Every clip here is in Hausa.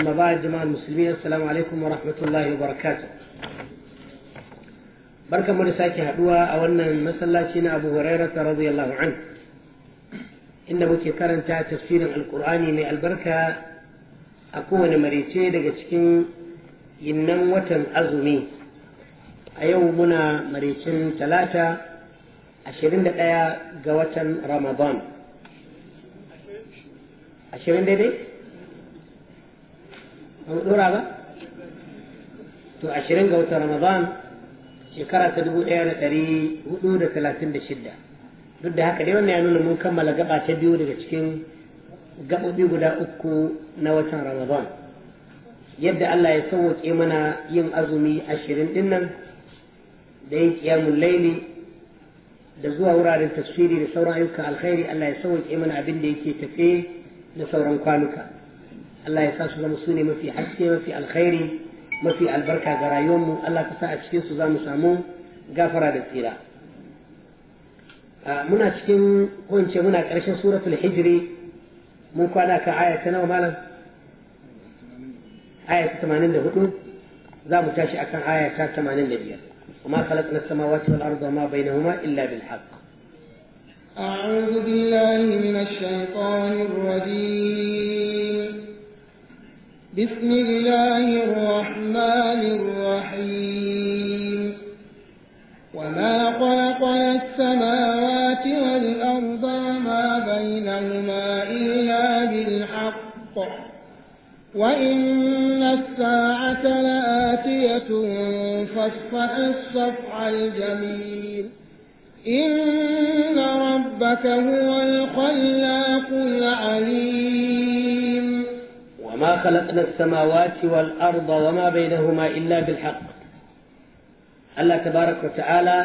أما بعد جماعة المسلمين السلام عليكم ورحمة الله وبركاته بركة مرساكي هدوى أولا مسلاتنا أبو هريرة رضي الله عنه inda muke karanta tafsirin alkur'ani mai albarka a kowane marice daga cikin yinnan watan azumi a yau muna maricin talata 21 ga watan ramadan 20 daidai dora ba to ashirin ga wata ramadan shekara ta dubu ɗaya da dari hudu da talatin da shidda duk da haka dai wannan ya nuna mun kammala gaba ta biyu daga cikin gaɓoɓi guda uku na watan ramadan yadda Allah ya sauwaƙe mana yin azumi ashirin dinnan, nan da yin ƙiyamun laili da zuwa wuraren tafsiri da sauran ayyukan alkhairi Allah ya sauwaƙe mana abin da yake tafe da sauran kwanuka الله يساس المسلمين من في حق من في الخير من في البركة قرى يوم الله كسا أشكين سوزان سامون غافرة دفيرا آه، من أشكين قوينش من أكرش سورة الحجر من قوانا كآية تنو مالا آية 80 هدو آية ذا متاشي أكان آية 80 لبيا وما خلقنا السماوات والأرض وما بينهما إلا بالحق أعوذ بالله من الشيطان الرجيم بسم الله الرحمن الرحيم وما خلقنا السماوات والأرض وما بينهما إلا بالحق وإن الساعة لآتية فاصفح الصفح الجميل إن ربك هو الخلاق العليم وما خلقنا السماوات والأرض وما بينهما إلا بالحق الله تبارك وتعالى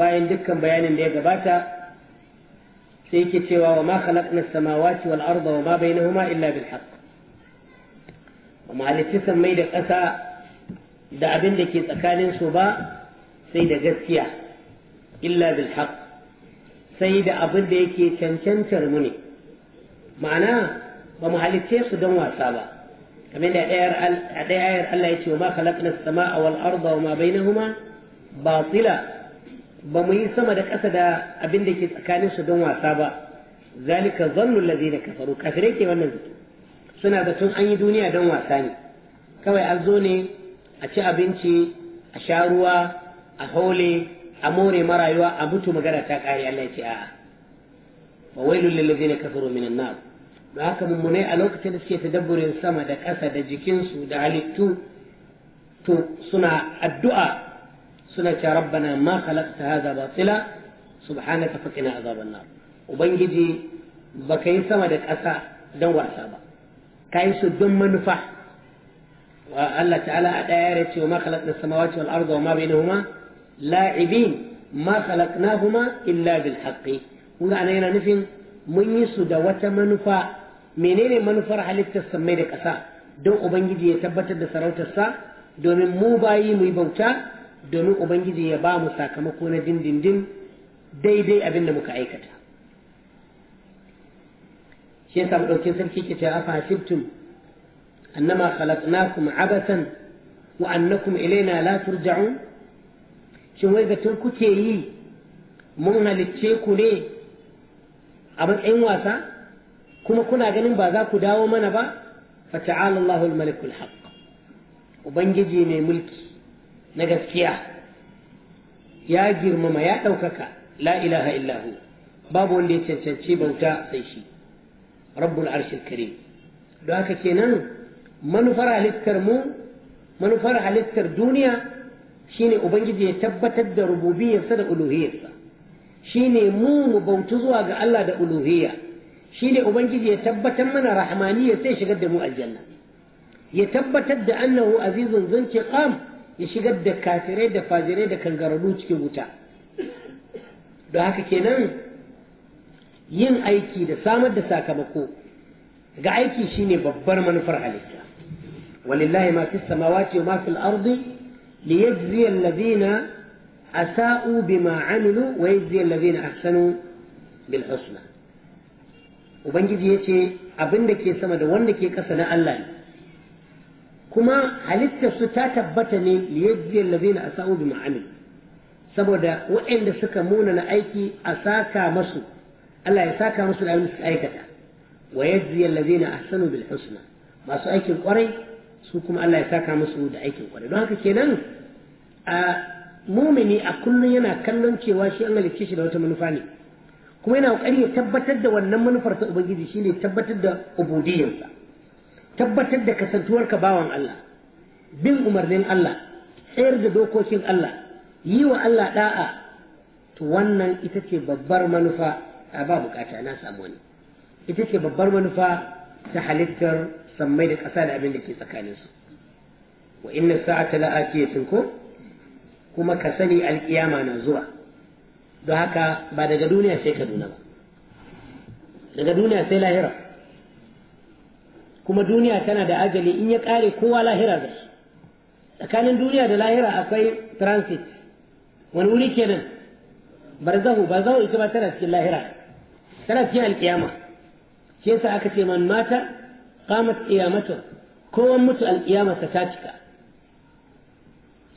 باين دكا بيان ليه قباتا سيكي تيوا وما خلقنا السماوات والأرض وما بينهما إلا بالحق وما لتسم ميدك أسا da abin da ke tsakaninsu ba sai da gaskiya illa bil haq sai da abin da yake cancantar mu ne ma'ana ba mu halitte su don wasa ba kamar da a ɗaya ayar Allah ya ce wa ma khalaqna as-samaa wal arda wa ma bainahuma batila ba mu yi sama da ƙasa da abin da ke tsakanin su don wasa ba zalika zannu allazina kafaru kafirai ke wannan zato suna da tun an yi duniya don wasa ne kawai an zo ne a ci abinci a sha ruwa a hole a more marayuwa a mutu magana ta kare Allah ya ce a'a wa wailul lil kafaru minan nar da haka mummunai a lokacin da suke tadabburin sama da ƙasa da jikinsu da halittu to suna addu'a suna ce rabbana ma khalaqta hadha batila subhanaka faqina azaban nar ubangiji baka yi sama da ƙasa don wasa ba ka yi su don manufa wa Allah ta'ala a ɗaya ya ce ma khalaqna samawati wal arda wa bainahuma la'ibin ma khalaqnahuma illa bil haqqi kun ga yana nufin mun yi su da wata manufa menene manufar halittar mai da ƙasa don ubangiji ya tabbatar da sarautarsa domin mu bayi mu yi bauta domin ubangiji ya ba mu sakamako na dindindin daidai abin da muka aikata shi yasa mu ɗauki sarki ke cewa afa hasibtum annama khalaqnakum abatan wa annakum ilaina la turja'un shin wai da zaton kuke yi mun halicce ku ne a matsayin wasa kuma kuna ganin ba za ku dawo mana ba fata'ala Allahul malikul haq. ubangiji mai mulki na gaskiya ya girmama ya ɗaukaka la ilaha illahu babu wanda ya cancanci bauta sai shi rabbul arshil karim don haka kenan manufar halittar mu manufar halittar duniya shine ubangiji ya tabbatar da rububiyarsa da uluhiyarsa shine mu mu bautu zuwa ga Allah da uluhiyya ne ubangiji ya tabbatar mana ya sai shigar da mu aljanna ya tabbatar da annahu azizun zuntiqam ya shigar da kafirai da fajirai da kangararru cikin wuta da haka kenan yin aiki da samar da sakamako ga aiki shine babbar manufar halitta walillahi ma fi samawati wa ma fil ardi liyajziya alladhina asa'u bima amilu wa yajziya alladhina ahsanu bil husna ubangiji ya ce abin da ke sama da wanda ke ƙasa na Allah ne kuma halittar su ta tabbata ne liyajiyar lazina a sa’o bi ma'amil saboda waɗanda suka muna na aiki a saka masu Allah ya saka masu da su aikata wa yajiyar lazina a sanu bil husna masu aikin ƙwarai su kuma Allah ya saka masu da aikin kwarai don haka kenan a mumini a kullum yana kallon cewa shi an halicce shi da wata manufa ne kuma yana kokari ya tabbatar da wannan manufar ta ubangiji shine tabbatar da ubudiyarsa tabbatar da kasantuwar ka bawan Allah bin umarnin Allah tsayar da dokokin Allah yi wa Allah da'a to wannan ita ce babbar manufa a ba bukata na samu wani ita ce babbar manufa ta halittar sammai da ƙasa da abin da ke tsakaninsu wa inna sa'ata la'atiyatun ko kuma ka sani alkiyama na zuwa don haka ba daga duniya sai kaduna ba daga duniya sai lahira kuma duniya tana da ajali in ya kare kowa lahira da shi tsakanin duniya da lahira akwai transit wani wuri kenan barzahu barzahu ita ba tana cikin lahira tana cikin alkiyama shi yasa aka ce man mata qamat qiyamatu kowan mutu alkiyama ta cika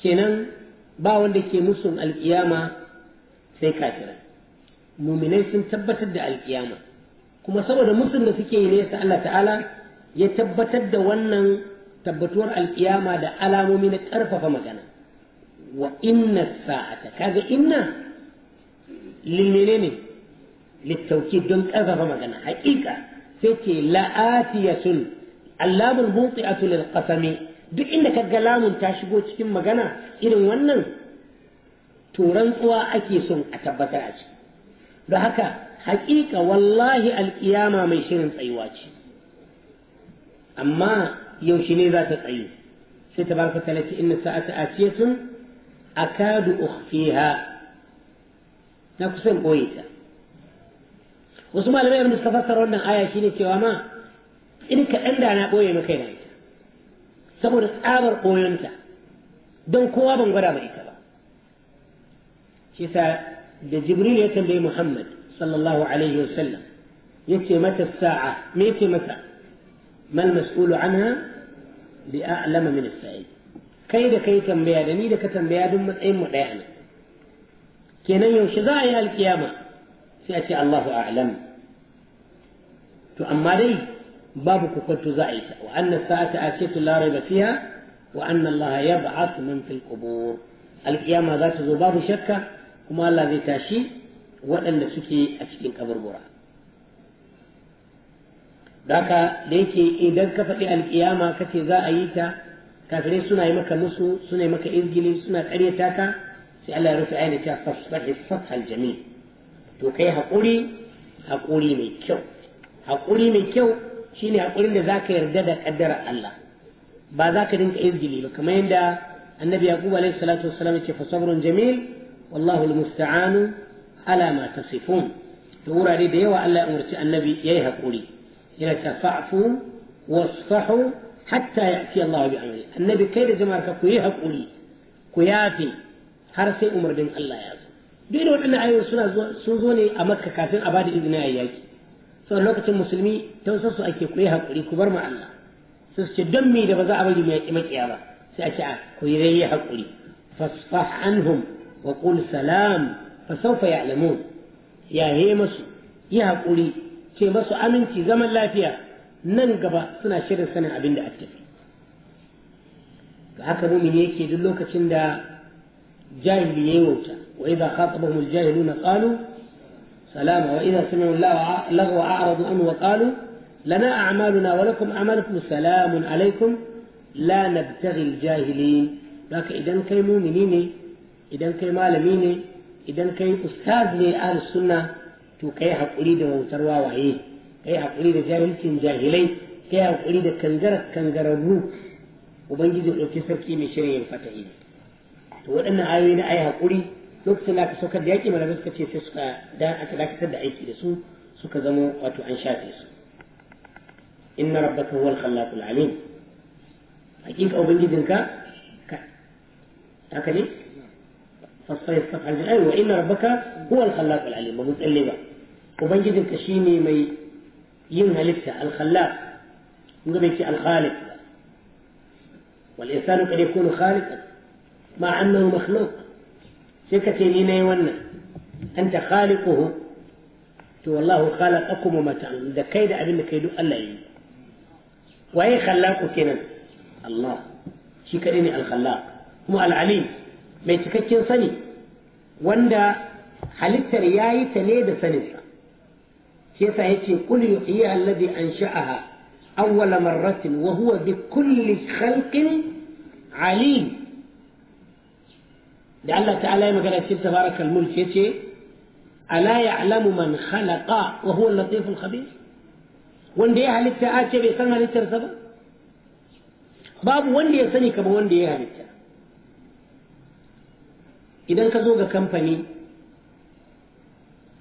kenan ba wanda ke musun alkiyama sai kafira, muminai sun tabbatar da alkiyama kuma saboda musun da suke yi ne Allah ta'ala ya tabbatar da wannan tabbatuwar alkiyama da alamomi na ƙarfafa magana wa inna sa'ata kaga inna lilmene ne littauki don ƙarfafa magana haƙiƙa sai ce la'atiyatun allamun muti'atu lil qasami duk inda kaga lamun ta shigo cikin magana irin wannan turan rantsuwa ake son a tabbatar a ciki don haka hakika wallahi alkiyama mai shirin tsayuwa ce amma yaushe ne za ta tsayu sai ta baka talaki inna sa'ata asiyatun akadu ukhfiha na kusan boye ta wasu malamai abin da suka fassara wannan aya shine cewa ma in kaɗan da na boye maka yana ita saboda tsabar koyonta don kowa ban gwada ba ita ba كيسا جبريل يتنبي محمد صلى الله عليه وسلم يتي متى الساعة ميتي متى ما المسؤول عنها بأعلم من السائل كيدا كي تنبيا دنيدا كتنبيا دم أم ريحنا كينا يوشدا يا الكيامة سيأتي الله أعلم تؤمري بابك قلت تزعيت وأن الساعة آتية لا ريب فيها وأن الله يبعث من في القبور القيامة ذات ذباب شكة kuma Allah zai tashi waɗanda suke a cikin kaburbura daka da yake idan ka faɗi alƙiyama kake za a yi ta kafirai suna yi maka musu suna yi maka izgili suna ƙaryata ka sai Allah ya rufe ayyana ta fasfahi fathal jami to kai haƙuri haƙuri mai kyau haƙuri mai kyau shine haƙurin da zaka yarda da ƙaddarar Allah ba za ka dinka izgili ba kamar yadda annabi yaqub alaihi salatu wassalam ya ce fa sabrun jamil والله المستعان على ما تصفون تقول عليه ديوة ألا أمرت النبي يايها قولي إلا تفعفوا واصفحوا حتى يأتي الله بأمره النبي كيف زمارك كيها قولي كيافي هرسي أمر دين الله يازم دينو عنا أي رسولة سوزوني أمتك كاسين أبادي إذن أيك فلوكة المسلمي توسسوا أيك كيها قولي كبر مع الله سيسك دمي لبزا أبادي مكيابا سأشعر كيها قولي فاصفح عنهم وقل سلام فسوف يعلمون يا هي يا قولي تي مسو امنتي زمن لا فيها غبا سنا شرين سنه ابين دا اتي فاكا مؤمن يكي دو لوكاشين جاهل بيوتا واذا خاطبهم الجاهلون قالوا سلام واذا سمعوا اللغو اعرضوا عنه وقالوا لنا اعمالنا ولكم اعمالكم سلام عليكم لا نبتغي الجاهلين لكن اذا كي مؤمنين idan kai malami ne idan kai ustaz ne a sunna to kai haƙuri da wautar wawaye kai haƙuri da jahilcin jahilai kai haƙuri da kangarar kangararru ubangiji ɗauki sarki mai shirin yin fatahi to waɗannan ayoyi na ayi haƙuri lokacin da aka saukar da yaƙi malamai suka ce sai suka da aka dakatar da aiki da su suka zamo wato an shafe su inna rabbaka huwal khallaqul alim hakika ubangijinka haka ne فصير صفحة القرآن أيوة، وإن ربك هو الخلاق العليم ومتقلبة وبنجد كشيني ما ينهى لك الخلاق يقول الخالق والإنسان قد يكون خالقا مع أنه مخلوق سكتي لنا يونا أنت خالقه والله خلقكم وما تعلم إذا كيد أبنى da ألا da kai duk كنا الله waye khallaqu kenan Allah mai cikakken sani wanda halittar ya yi ta ne da saninsa shi yasa ya ce kul yuhyiha alladhi ansha'aha awwal marratin wa huwa bi kulli khalqin alim da Allah ta'ala ya magana cikin tabarakal mulk yace ala ya'lamu man khalaqa wa huwa al-latif al-khabir wanda ya halitta a ce bai san halittarsa ba babu wanda ya sani kamar wanda ya halitta idan ka zo ga kamfani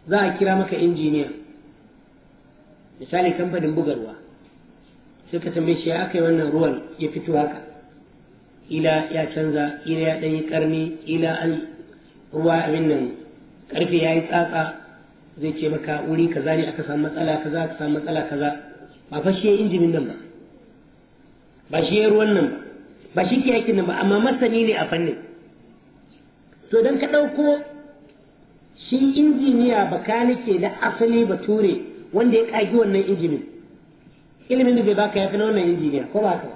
za a kira maka injiniya misali kamfanin bugarwa sai ka tambaye shi ya aka yi wannan ruwan ya fito haka ila ya canza ila ya ɗanyi ƙarni ila an ruwa abin nan ƙarfe ya yi tsatsa zai ce maka wuri kaza ne aka samu matsala kaza aka samu matsala kaza ba fa shi injimin nan ba ba shi ya ruwan nan ba ba shi ke yakin nan ba amma masani ne a fannin to don ka ɗauko shi injiniya bakanike na asali bature wanda ya ƙagi wannan injinin ilimin da bai baka ya fi na wannan injiniya ko ba ka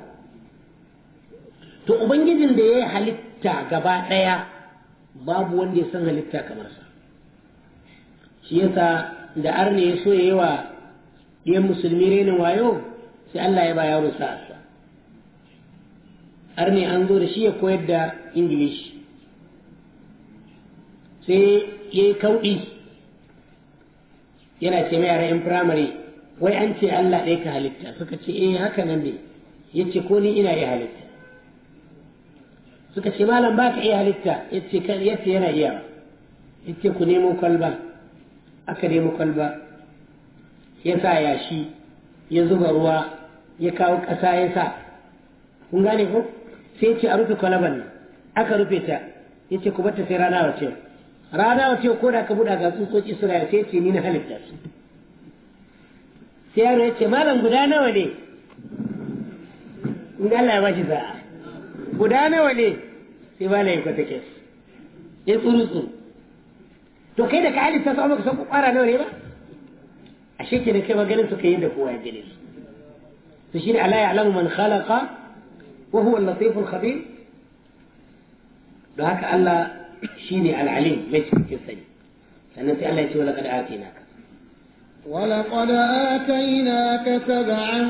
to ubangijin da ya yi halitta gaba ɗaya babu wanda ya san halitta kamar sa shi yasa da arne ya so yayi wa ɗiyan musulmi renin wayo sai Allah ya ba yaro sa'a arne an zo da shi ya koyar da ingilishi sai ya yi kauɗi yana ce mai yara 'yan firamare wai an ce Allah ɗaya ka halitta suka ce eh haka nan ne ya ce ko ni ina iya halitta suka ce malam ba ka iya halitta ya ce yana iya ya ce ku nemo kwalba aka nemo kwalba ya sa yashi ya zuba ruwa ya kawo ƙasa ya sa kun gane ko sai ce a rufe kwalaban aka rufe ta ya ce ku bata sai rana wace rana ce ko da ka buɗa ga tsutsotsi suna sai ce ni na halitta su sai yaro ya ce malam guda nawa ne in Allah ya bashi sa'a guda nawa ne sai ba na yi kwata kes ya tsuru to kai da ka halitta su ka san ku kwara nawa ne ba a shekin da kai maganin suka yi da kowa ya gane su to shi ne ala alamu man khalaka wa huwa al khabir don haka Allah شيني العليم مجد في sannan sai Allah الله يسوي لقد اتيناك ولقد آتيناك سبعا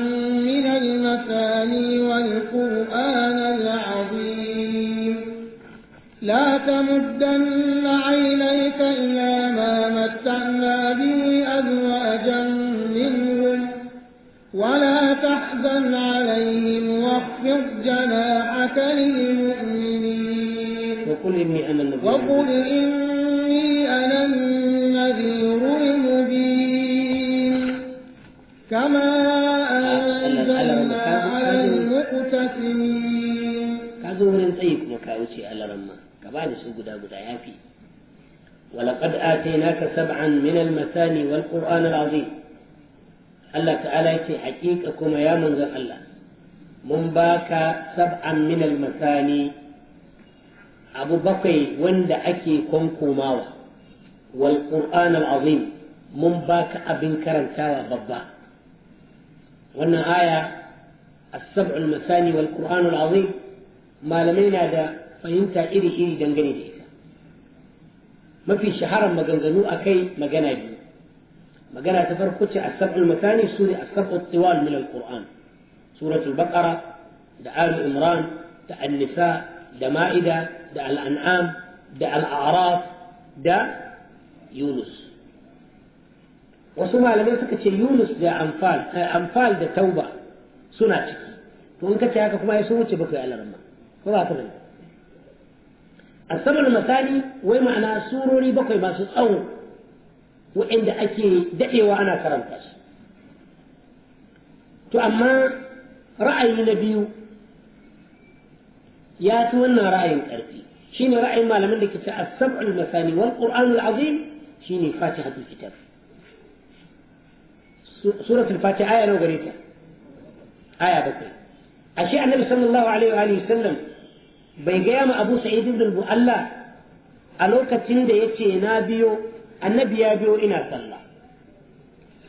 من المثاني والقرآن العظيم لا تمدن عينيك إلى ما متعنا به أزواجا منهم ولا تحزن عليهم واخفض جناحك للمؤمنين وقل إني أنا النذير وقل إني أنا النذير المبين كما أنزلنا على المقتسمين كذو هرن تأيكم طيب كاوشي على رمى كبالي سوغدا غدا يافي ولقد آتيناك سبعا من المثاني والقرآن العظيم الله تعالى يتي حقيقة كما يا منزل الله من باك سبعا من المثاني abu bakwai wanda ake kwankomawa wal qur'an azim mun baka abin karantawa babba wannan aya السبع المثاني والقرآن العظيم ما لمينا دا فهمتا إلي إلي دنجني ديكا ما في شهر مغنغنو أكي مغنى بي مغنى تفرقوش السبع المثاني سورة السبع الطوال من القرآن سورة البقرة دا آل عمران دا النساء ده مائدة ده الأنعام ده الأعراف ده يونس وسمع لما سكت يونس ده أنفال أنفال ده توبة سنة شكي فإنك تشاهدك كما يسوه تشبك على رمى فلا تغير السبب المثاني وما أنا سوروني بقي ما سيطأو وإن ده دعي وأنا كرمتاش تو أما رأي النبي ya fi wannan ra'ayin ƙarfi Shi ne ra'ayin malamin da ke ta as-sab'ul masani wal shi ne shine fatihatul kitab suratul fatiha aya nawa gare ta aya bakwai ashe annabi sallallahu alaihi wa sallam bai gaya ma abu sa'id ibn al-mu'alla a lokacin da yace na biyo annabi ya biyo ina sallah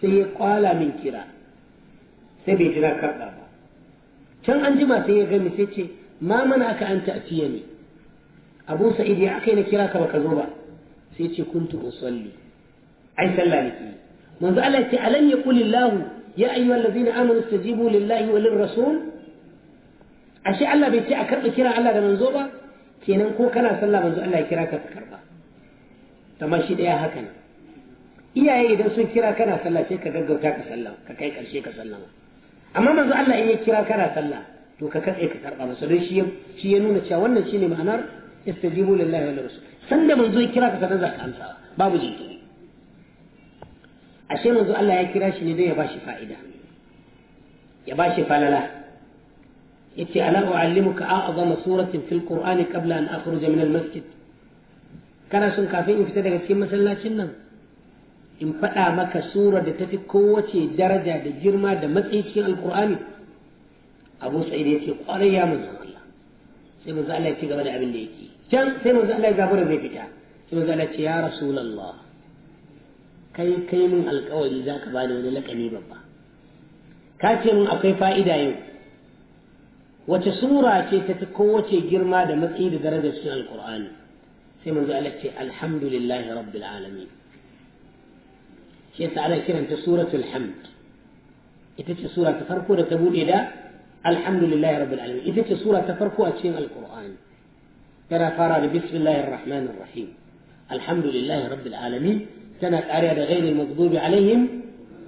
sai ya kwala min kira sai bai jira karɓa ba can an jima sai ya gani sai ce ma manaka an ta'tiyani abu sa'id ya akai na kira ka zo ba sai ce kuntu usalli ai sallah nake manzo Allah ya ce alam yaqulillahu ya ayyuhallazina amanu istajibu lillahi walir rasul ashe Allah bai ce a karɓi kiran Allah da manzo ba kenan ko kana sallah manzo Allah ya kira ka ka karɓa kamar shi ɗaya haka ne iyaye idan sun kira kana sallah ka gaggauta ka kai ƙarshe ka sallama amma manzo Allah in ya kira kana sallah to ka katse ka karba masa don shi ya nuna cewa wannan shine ma'anar istajibu lillahi wal rasul sanda manzo ya kira ka sanar za ka amsa babu jinkiri ashe manzo Allah ya kira shi ne don ya bashi fa'ida ya bashi falala yace ala uallimuka a'zama suratin fil qur'ani qabla an akhruja min al masjid kana son kafin in fita daga cikin masallacin nan in faɗa maka surar da tafi kowace daraja da girma da matsayi cikin alkur'ani abu sa'id ya ce kwarai ya Allah sai manzo Allah ya ci gaba da abin da yake can sai manzo Allah ya zabura zai fita sai manzo Allah ya ce ya rasulullah kai kai min alkawari zaka bani wani lakabi babba ka ce min akwai fa'ida yau wace sura ce ta fi kowace girma da matsayi da daraja cikin alkur'ani sai manzo Allah ce alhamdulillahi rabbil alamin shi yasa ana kiranta suratul hamd ita ce sura ta farko da ta bude da الحمد لله رب العالمين إذا سورة تفرقوا أتشين القرآن كنا فارغ بسم الله الرحمن الرحيم الحمد لله رب العالمين كانت أريد غير المغضوب عليهم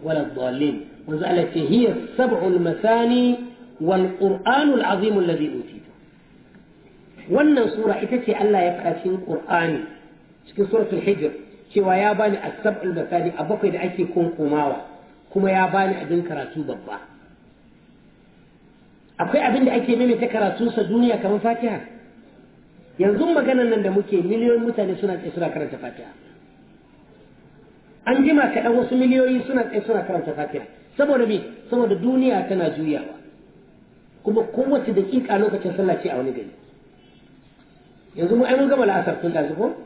ولا الضالين وزعلت هي السبع المثاني والقرآن العظيم الذي أوتيته وانا سورة إتتي ألا يفعشين قرآن شكي سورة الحجر شي وياباني السبع المثاني أبقى إذا أكي كون كوماوة كما ياباني أبنك راتوب الله akwai abin da ake karatu sa duniya kamar fatiha yanzu maganan nan da muke miliyoyin mutane suna tsaye suna karanta fatiha an jima kaɗan wasu miliyoyi suna tsaye suna karanta fatiha saboda me saboda duniya tana juyawa kuma kowace daƙiƙa lokacin sallah ce a wani gari yanzu mu ai mun gama la'asar tun ɗazu ko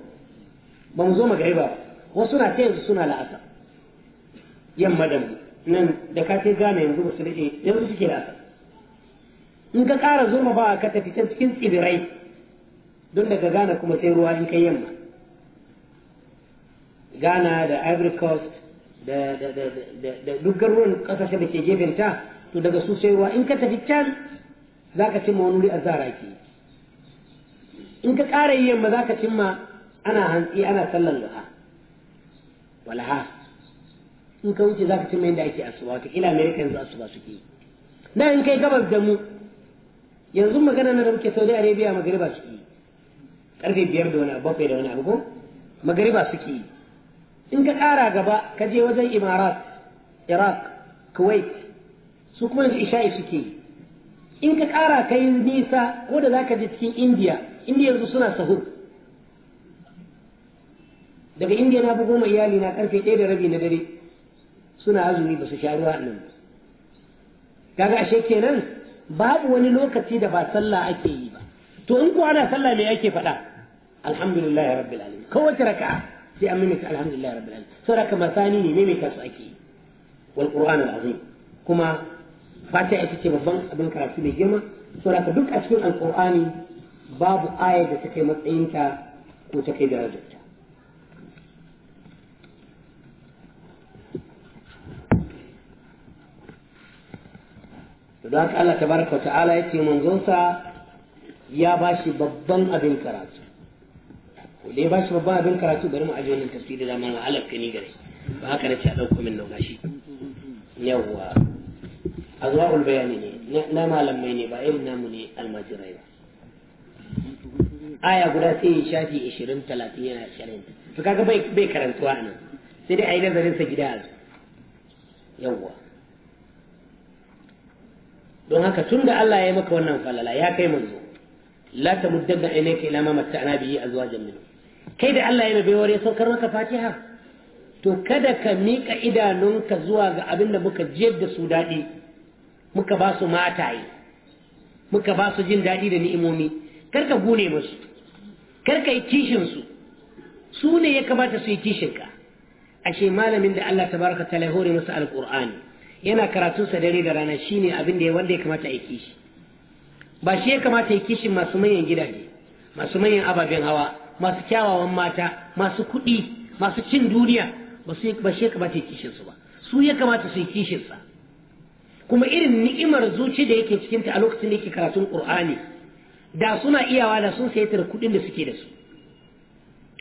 ba mu zo mu ba wasu na ta yanzu suna la'asar yamma da nan da ka sai gane yanzu ba su daɗe yanzu suke la'asar in ka ƙara ba ka tafi can cikin tsibirai don daga Ghana kuma sai ruwa in kai yamma Ghana da Ivory Coast da duk garuruwan kasashe da ke gefen ta to daga su sai ruwa in ka tafi can za ka cimma wani wuri a ke in ka ƙara yi yamma za ka cimma ana hantsi ana sallan duha walaha in ka wuce za ka cimma yadda ake asuba wata kila amerika yanzu asuba suke na in kai gabas da mu yanzu magana na da muke saudi arabia magariba suke yi karfe biyar da wani abu bakwai da wani abu magariba suke yi in ka kara gaba ka je wajen imarat iraq kuwait su kuma yanzu isha'i suke yi in ka kara ka yi nisa ko da za ka je cikin indiya indiya yanzu suna sahur daga indiya na bugu mai iyali na karfe ɗaya da rabi na dare suna azumi ba su sha ruwa nan kaga ashe kenan babu wani lokaci da ba sallah ake yi ba to in ko ana sallah me ake faɗa alhamdulillahi rabbil alamin kowace raka'a sai an mimita alhamdulillahi rabbil alamin saboda raka masani ne mimita su ake yi wal qur'an al azim kuma fata ita ce babban abin karatu mai girma saboda duk a cikin alqur'ani babu aya da ta kai matsayinta ko ta kai darajarta don haka Allah tabaraka wa ta'ala ya ce manzonsa ya ba shi babban abin karatu da ya ba shi babban abin karatu bari mu aje wannan tafsiri da mana alaf ni gare ba haka nace a dauko min nan gashi yawwa azwaul bayani ne na malamai ne ba irin namu ne almajirai ba aya guda sai ya shafi 20 30 yana sharin to kaga bai bai karantuwa nan sai dai ayi nazarin sa gida yawwa don haka tun da Allah ya maka wannan falala ya kai manzo la ta muddanna ainaka ila ma matta'na a zuwa minhum kai da Allah ya mai baiwar ya saukar maka Fatiha to kada ka miƙa idanunka zuwa ga abin da muka jiyar da su daɗi muka ba su mataye muka ba su jin daɗi da ni'imomi kar ka gune musu kar ka yi kishinsu su ne ya kamata su yi ka ashe malamin da Allah tabaraka ta hore masa alƙur'ani yana karatun sa dare da rana shine abin da wanda ya kamata ya kishi ba shi ya kamata ya kishin masu manyan gidaje masu manyan ababen hawa masu kyawawan mata masu kuɗi masu cin duniya ba shi ya kamata ya kishin su ba su ya kamata su yi kishin sa kuma irin ni'imar zuci da yake cikin ta a lokacin da yake karatun qur'ani da suna iyawa da sun sayi tar kuɗin da suke da su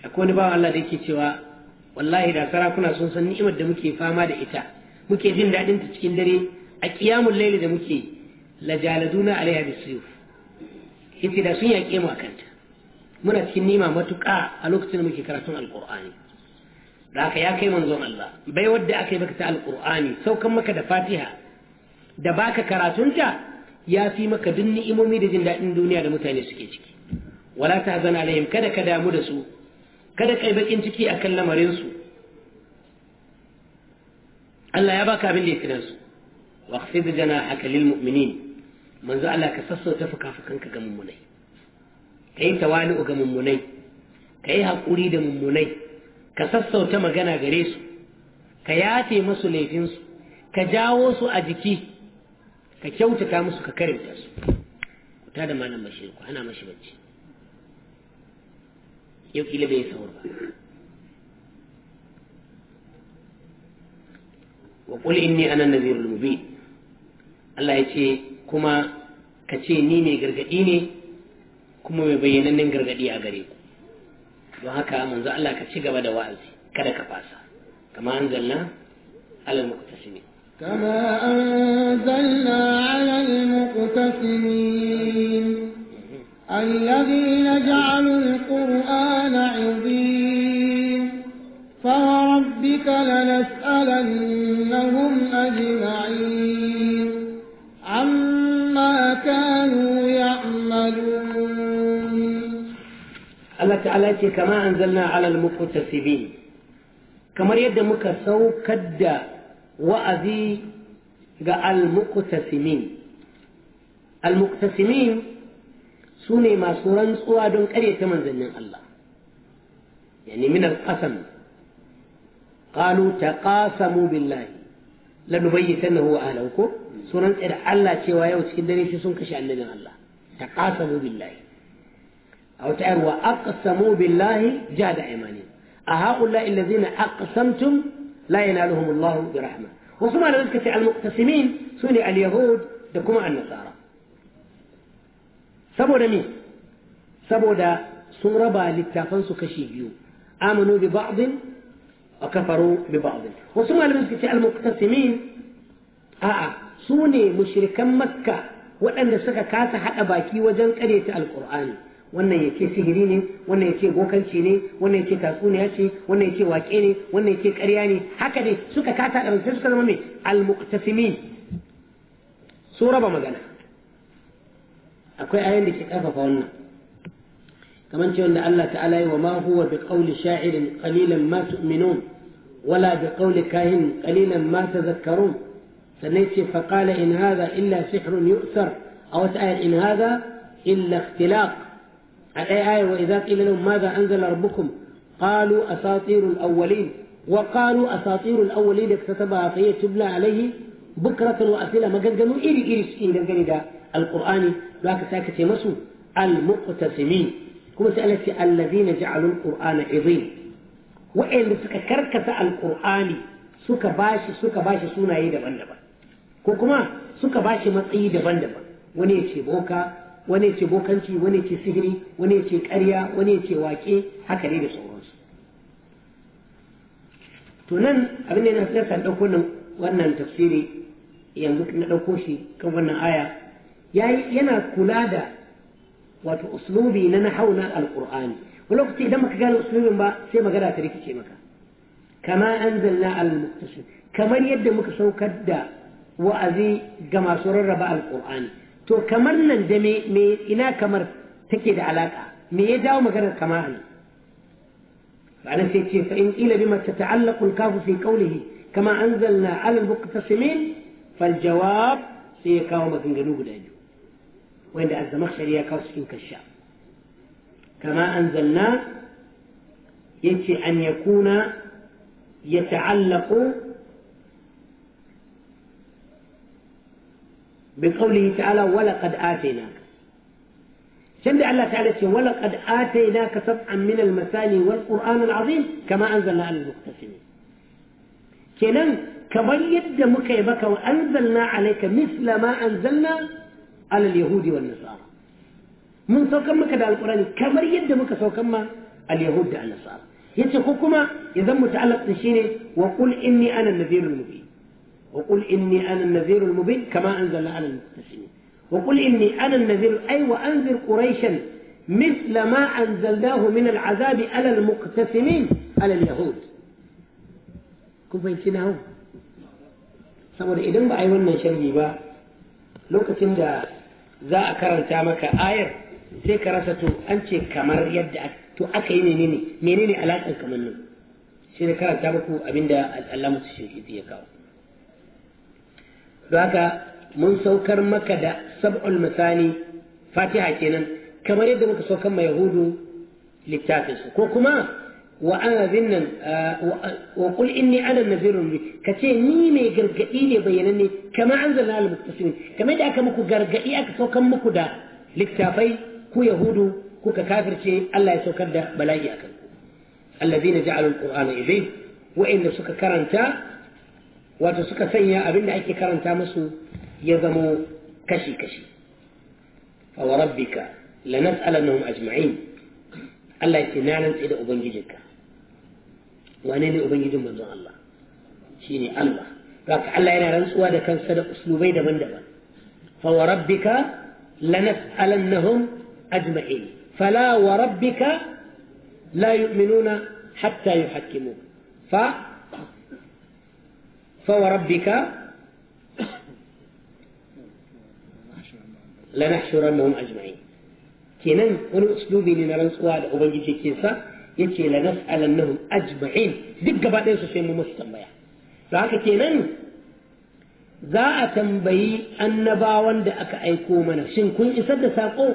akwai wani bawan Allah da yake cewa wallahi da sarakuna sun san ni'imar da muke fama da ita muke jin daɗin ta cikin dare a kiyamun laili da muke lajaladuna alaiha bisiyuf yace da sun yaƙe mu kanta. muna cikin nima matuƙa a lokacin da muke karatun alƙur'ani da aka ya kai manzon Allah bai wadda aka yi baka ta alƙur'ani saukan maka da fatiha da baka karatunta ya fi maka duk ni'imomi da jin daɗin duniya da mutane suke ciki wala ta hazana alaihim kada ka damu da su kada kai bakin ciki akan lamarin su Allah ya baka abin da ya fi nasu wa khfid janahaka lil mu'minin manzo Allah ka sassauta fukafukanka ga mummunai kai tawali'u ga mummunai kai hakuri da mummunai ka sassauta magana gare su ka yace musu laifin su ka jawo su a jiki ka kyautata musu ka karanta su ta da malam bashir ku mashi bacci yau kila bai sahur ba wa qul inni ana nadhirul mubin Allah ya ce kuma ka ce ni ne gargadi ne kuma mai bayyanannen gargadi a gare ku don haka manzo Allah ka ci gaba da wa'azi kada ka fasa kama anzalna ala muqtasimin kama anzalna ala muqtasimin الذين جعلوا القرآن عظيم فهو ربك لنسألنهم أجمعين عما كانوا يعملون الله تعالى كما أنزلنا على المقتسبين كما يد مكسو كد وأذي المقتسمين المقتسمين سوني ما سوران سوى دون كريه كما الله يعني من القسم قالوا تقاسموا بالله هو وأهلكم سنن إر الله شوايو سكندري في سنك شأننا الله تقاسموا بالله أو تعر وأقسموا بالله جاد إيماني أهؤلاء الذين أقسمتم لا ينالهم الله برحمة وصما لذلك على المقتسمين سنع اليهود دكما النصارى سبو دمي سبو دا سنربا للتافنس كشيبيو آمنوا ببعض وكفروا ببعض wasu malamin suka ce almuqtasimin a'a su ne mushrikan makka waɗanda suka kasa haɗa baki wajen ƙareta alƙur'ani wannan yake sihiri ne wannan yake bokanci ne wannan yake tatsuniya ce wannan yake waƙe ne wannan yake ƙarya ne haka dai suka kasa da sai suka zama mai almuqtasimin su raba magana akwai ayan da ke ƙarfafa wannan كمان تقول الله تعالى وما هو بقول شاعر قليلا ما تؤمنون ولا بقول كاهن قليلا ما تذكرون سنيت فقال إن هذا إلا سحر يؤثر أو تعالى إن هذا إلا اختلاق أي آية وإذا قيل لهم ماذا أنزل ربكم قالوا أساطير الأولين وقالوا أساطير الأولين اكتسبها فهي تبنى عليه بكرة وأسئلة ما قد قالوا إيري إيري القرآن لكن ساكت يمسوا المقتسمين kuma sai Allah ce allazina ja'alul qur'ana izin wa'anda suka karkasa alqur'ani suka bashi suka bashi sunaye daban-daban ko kuma suka bashi matsayi daban-daban wani ya ce boka wani ya ce bokanci wani ya ce sihiri wani ya ce ƙarya wani ya ce waƙe haka ne da sauransu to nan abin da na sa ɗauko nan wannan tafsiri yanzu na ɗauko shi kan wannan aya yana kula da واتو اسلوبي ننحونا القرآن ولوقتي دمك قال اسلوبي ما سيما قال اتريكي شيء مكا كما انزلنا على المقتصر كما يد مكسو كدا وأذي كما سرر بقى القرآن تو كما ننزمي مي إنا كما تكيد كا مي يداو مكرا كما أن فعلا سيتي فإن إلا بما تتعلق الكاف في قوله كما أنزلنا على المقتصمين فالجواب سيكاوما تنجلوه دايجو وإن الزمخشري يكوسكين كالشام كما أنزلنا يجي أن يكون يتعلق بقوله تعالى ولقد آتيناك شند الله تعالى ولقد آتيناك سطعا من المثاني والقرآن العظيم كما أنزلنا على المقتسمين كنا كما يد مكيبك وأنزلنا عليك مثل ما أنزلنا على اليهود والنصارى من سوكما كذا القرآن كمر يد مك سوكما اليهود على النصارى يتحكما إذا متعلق تشيني وقل إني أنا النذير المبين وقل إني أنا النذير المبين كما أنزل على المتسمين وقل إني أنا النذير أي وأنذر قريشا مثل ما أنزلناه من العذاب على المقتسمين على اليهود كم فهمتنا هو سمر إذن بأيوان من شرجي با لو كتن za a karanta maka ayar sai ka rasa to an ce kamar yadda to aka yi menene menene alaƙar kamar nan shi ne karanta muku abinda Allah su shirkiti ya kawo don haka mun saukar maka da sab'ul misali fatiha kenan kamar yadda muka saukar ma yahudu littafinsu ko kuma وأنا آه، وقل إني أنا النذير المبين كتير نيمة جرجئي لي بيانني كما أنزلنا على المتصلين كما دعا كما كو جرجئي أكتو كم كو دا لكتافي كو يهودو كو ككافر شيء الله يسو كدا بلاي أكتو الذين جعلوا القرآن إذين وإن سك كرنتا وتسك سيا أبن أيك كرنتا مسو يضمو كشي كشي فوربك لنسألنهم أجمعين الله يتنعنا سيد أبن جيجكا wane ne ubangijin manzon Allah shine Allah zaka Allah yana rantsuwa da kansa da uslubai daban-daban fa wa rabbika lanas'alannahum ajma'in fala wa rabbika la yu'minuna hatta yuhakkimuka fa fa wa rabbika lanahshurannahum ajma'in kenan wani uslubi ne na rantsuwa da ubangiji ke sa يكي لنسأل أنهم أجمعين دقة بعد إيش شيء ممثل بيا ذاك ذا أتنبي أن باوان دأك أيكومنا شن كن إسد ساقو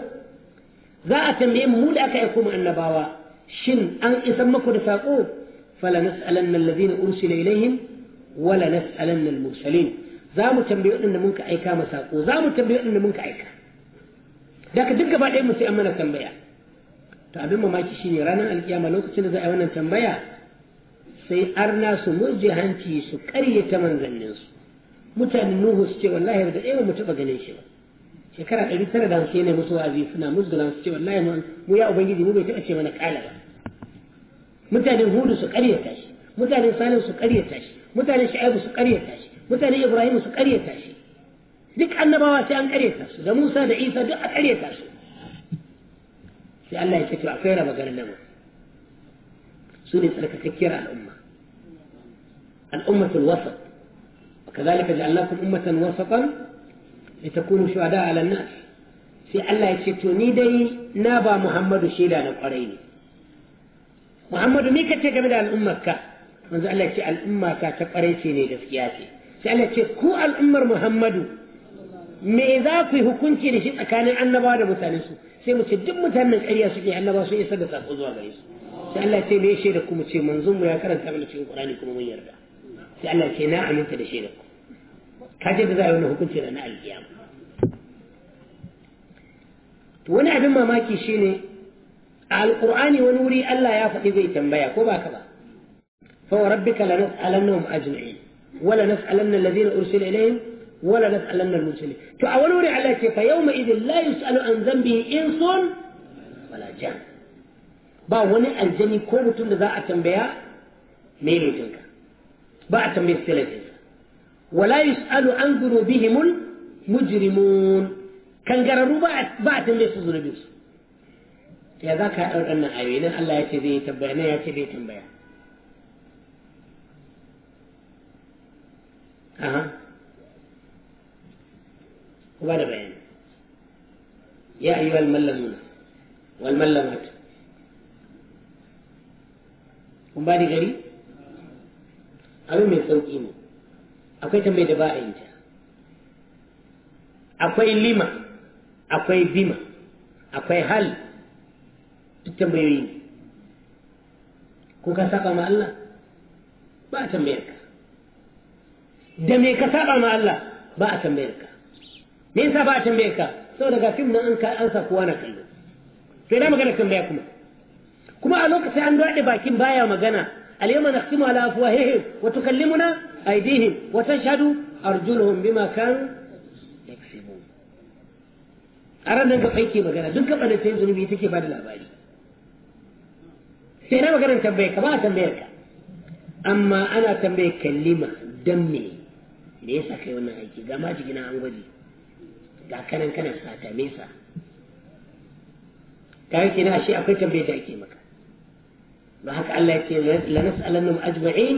ذا أتنبي مو دأك أيكوم أن باوا شن أن إسمكو دساقو فلنسألن الذين أرسل إليهم ولنسألن المرسلين ذا متنبي أن منك أيكام ساقو ذا متنبي أن منك أيكام ذاك دقة بعد إيش شيء ممثل to abin mamaki shine ranar alkiyama lokacin da za a yi wannan tambaya sai arna su murje hanci su karyata su mutanen nuhu su ce wallahi da ɗaya mu taɓa ganin shi ba shekara ɗari tara da hamsin ne musu wa'azi suna musgula su ce wallahi mu ya ubangiji mu bai taɓa ce mana ƙala ba mutanen hudu su karyata shi mutanen salim su karyata shi mutanen sha'ibu su karyata shi mutanen ibrahim su karyata shi duk annabawa sai an karyata su da musa da isa duk a karyata su sai Allah ya ce to akwai raba ganin nan su ne tsarkakakkiyar al'umma al'ummatul wasat وكذلك جعلناكم أمة وسطا لتكونوا شهداء على الناس sai Allah ya ce to ni dai na ba Muhammadu shaida na kwarai ne Muhammadu me kace game da al'ummarka manzo Allah ya ce al'umma ta kwarai ce ne gaskiya ce sai Allah ya ce ku al'ummar Muhammadu me za ku yi hukunci da shi tsakanin annabawa da mutanensu sai mu ce duk mutanen ƙarya suke annabawa sun isar da sako zuwa gare su sai Allah ce me shaida ku mu ce manzon mu ya karanta mana cikin Qur'ani kuma mun yarda sai Allah ce na aminta da shaida ku kaje da za a yi wannan hukunci da na alkiyama to wani abin mamaki shine a alqur'ani wani wuri Allah ya faɗi zai tambaya ko ba ka ba fa rabbika lanas'alannahum ajma'in wala nas'alanna alladhina ursila ilayhim ولا نسألن المرسلين فأولوري على كيف يومئذ لا يسأل عن ذنبه إنس ولا جان با وني أنجمي كومتون ذا أتنبيا ميلو تنكا با أتنبي السلسل ولا يسأل عن ذنوبهم المجرمون كان قرروا با أتنبي السلسل يا ذاك أن عيونا الله يتذي تبعنا يتذي تنبيا أها ba da bayani ya ayyuha almallamuna wal mallamat kun ba ni gari abin mai sauƙi ne akwai tambayi da ba a yin ta akwai lima akwai bima akwai hal duk tambayoyi ne ko ka saba ma Allah ba a tambayar ka da me ka saba ma Allah ba a tambayar ka me yasa ba a tambaye ka saboda ga fim nan an ka an sa kowa na kallo to ina magana tambaya kuma kuma a lokacin an daɗe bakin baya magana al-yawma nakhtimu ala afwahihim wa tukallimuna aydihim wa tashhadu arjuluhum bima kanu yaksibun a ran nan ga faike magana duk gaba da sai zunubi take ba da labari sai na maganar tambaye ka ba a tambayar ka amma ana tambaye kallima, dan me me yasa kai wannan aiki ga ma jigina an gwaji ga kanan kana sata nesa kaga kina ashe akwai tambaye da ake maka don haka Allah ya ce lanas'alannahum ajma'in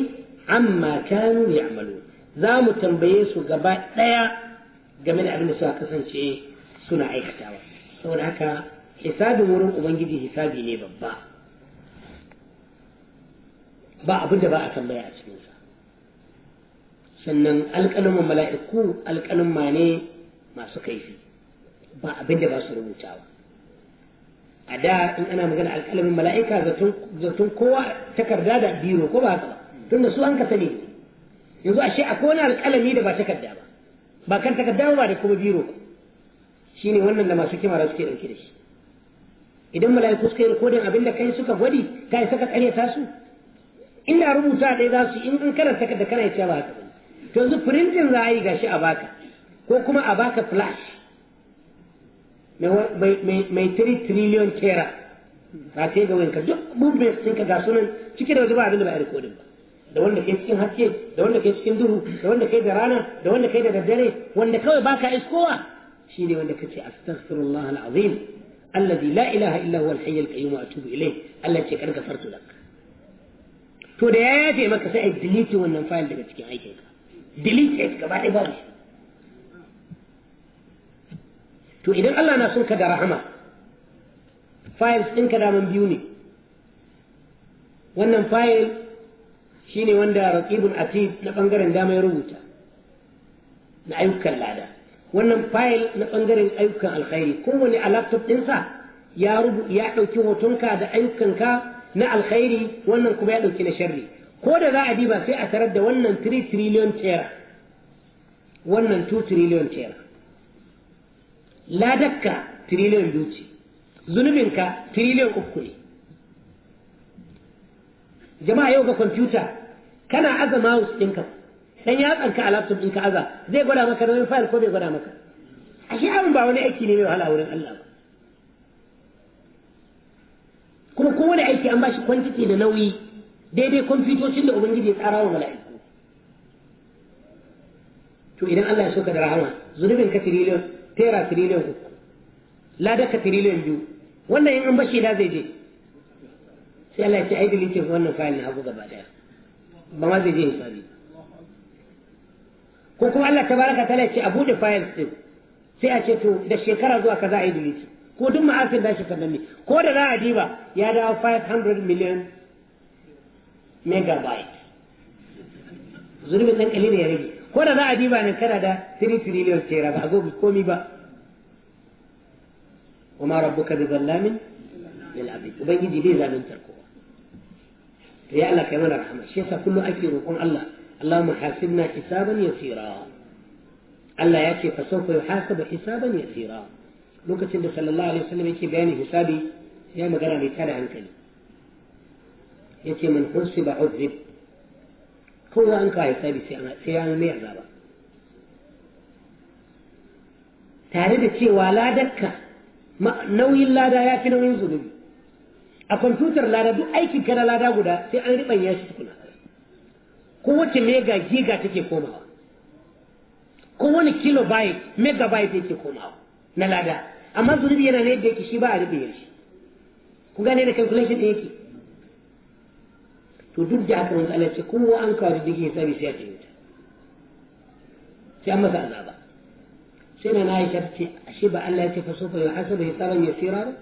amma kanu ya'malu za mu tambaye su gaba daya game da abin da suka kasance suna aikatawa saboda haka hisabin wurin ubangiji hisabi ne babba ba abin da ba a tambaya a cikinsa sannan alƙalin mala'iku alƙalin ne masu kaifi ba abin da ba su rubutawa a da in ana magana alƙalamin mala'ika zaton kowa takarda da biro ko ba haka ba tun da su an ka sani yanzu ashe akwai wani alƙalami da ba takarda ba ba kan takarda ba da kuma biro Shi shine wannan da masu kimara suke dauke da shi idan mala'iku suka yi rikodin abin da kai suka gwadi ka yi saka ƙaryata su inda rubuta ɗaya za su in karanta takarda kana ya ce ba haka to yanzu firintin za a yi gashi a baka ko kuma a baka flash mai 3 trillion kera, ba ta ga wayanka duk movements ɗinka ga sunan cikin da ba abin da ba a rikodin ba da wanda ke cikin haske da wanda ke cikin duhu da wanda kai da rana da wanda kai da daddare wanda kawai baka iskowa shine wanda kace astaghfirullah alazim الذي لا إله إلا هو الحي القيوم وأتوب إليه Allah يتشك أنا غفرت لك to da ya yafe maka sai a delete wannan file daga cikin aikinka delete it gaba ɗaya babu to idan Allah na son ka da rahama files ɗinka daman biyu ne wannan fayil shi ne wanda raƙibun atid na ɓangaren dama ya rubuta na ayyukan lada wannan fayil na ɓangaren ayyukan alkhairi kowane a laptop ɗinsa ya ya ɗauki hotonka da ayyukanka na alkhairi wannan kuma ya ɗauki na sharri ko da za a diba sai a tarar da wannan 3 trillion tera wannan 2 trillion tera ladakka tiriliyon biyu ce zunubinka tiriliyon uku ne jama'a yau ga kwamfuta kana aza mouse ɗinka dan ya tsanka a laptop ɗinka aza zai gwada maka nauyin fayil ko bai gwada maka A shi abin ba wani aiki ne mai wahala wurin Allah ba kuma kowane aiki an bashi kwantiti da nauyi daidai kwamfutocin da ubangiji ya tsara wa mala'iku to idan Allah ya soka da rahama zunubin ka tiriliyon. tera tiriliyon uku ladaka tiriliyon biyu wannan in an bashi na zai je sai Allah ya ce ai dilitin wannan kayan na abu gaba daya ba ma zai je hisabi ko kuma Allah tabaraka ta ce a buɗe fayil ɗin sai a ce to da shekara zuwa kaza a yi ko duk ma'asin da shi kadanni ko da za a diba ya dawo 500 million megabyte zurbin ɗan ƙali ne ya rage ko da za a diba nan kana da 3 trillion tera ba a zo komi ba wa ma rabbuka bi zallamin lil abid ubangiji bai zalunta kowa to ya Allah kai mana rahama shi yasa kullum ake roƙon Allah Allahumma hasibna hisaban yasira Allah ya ce fa sawfa yuhasabu hisaban yasira lokacin da sallallahu alaihi wasallam yake bayanin hisabi ya magana mai tada hankali yace man husiba uzib ko za an kawo hisabi sai an mai azaba tare da cewa ladarka nauyin lada ya fi nauyin zunubi a kwamfutar lada duk aikin kana lada guda sai an riɓanya shi tukuna kowace mega giga take komawa wani kilo kowane kilobyte megabyte yake komawa na lada amma zunubi yana ne da yake shi ba a riɓe shi ku gane da calculation ɗin yake to duk da haka wanda Allah ce kowa an kawo diddigin hisabi sai ta ce wuta sai an masa azaba sai na na aisha ce ashe ba Allah ya ce fa sofa ya hasaba hisaban yasira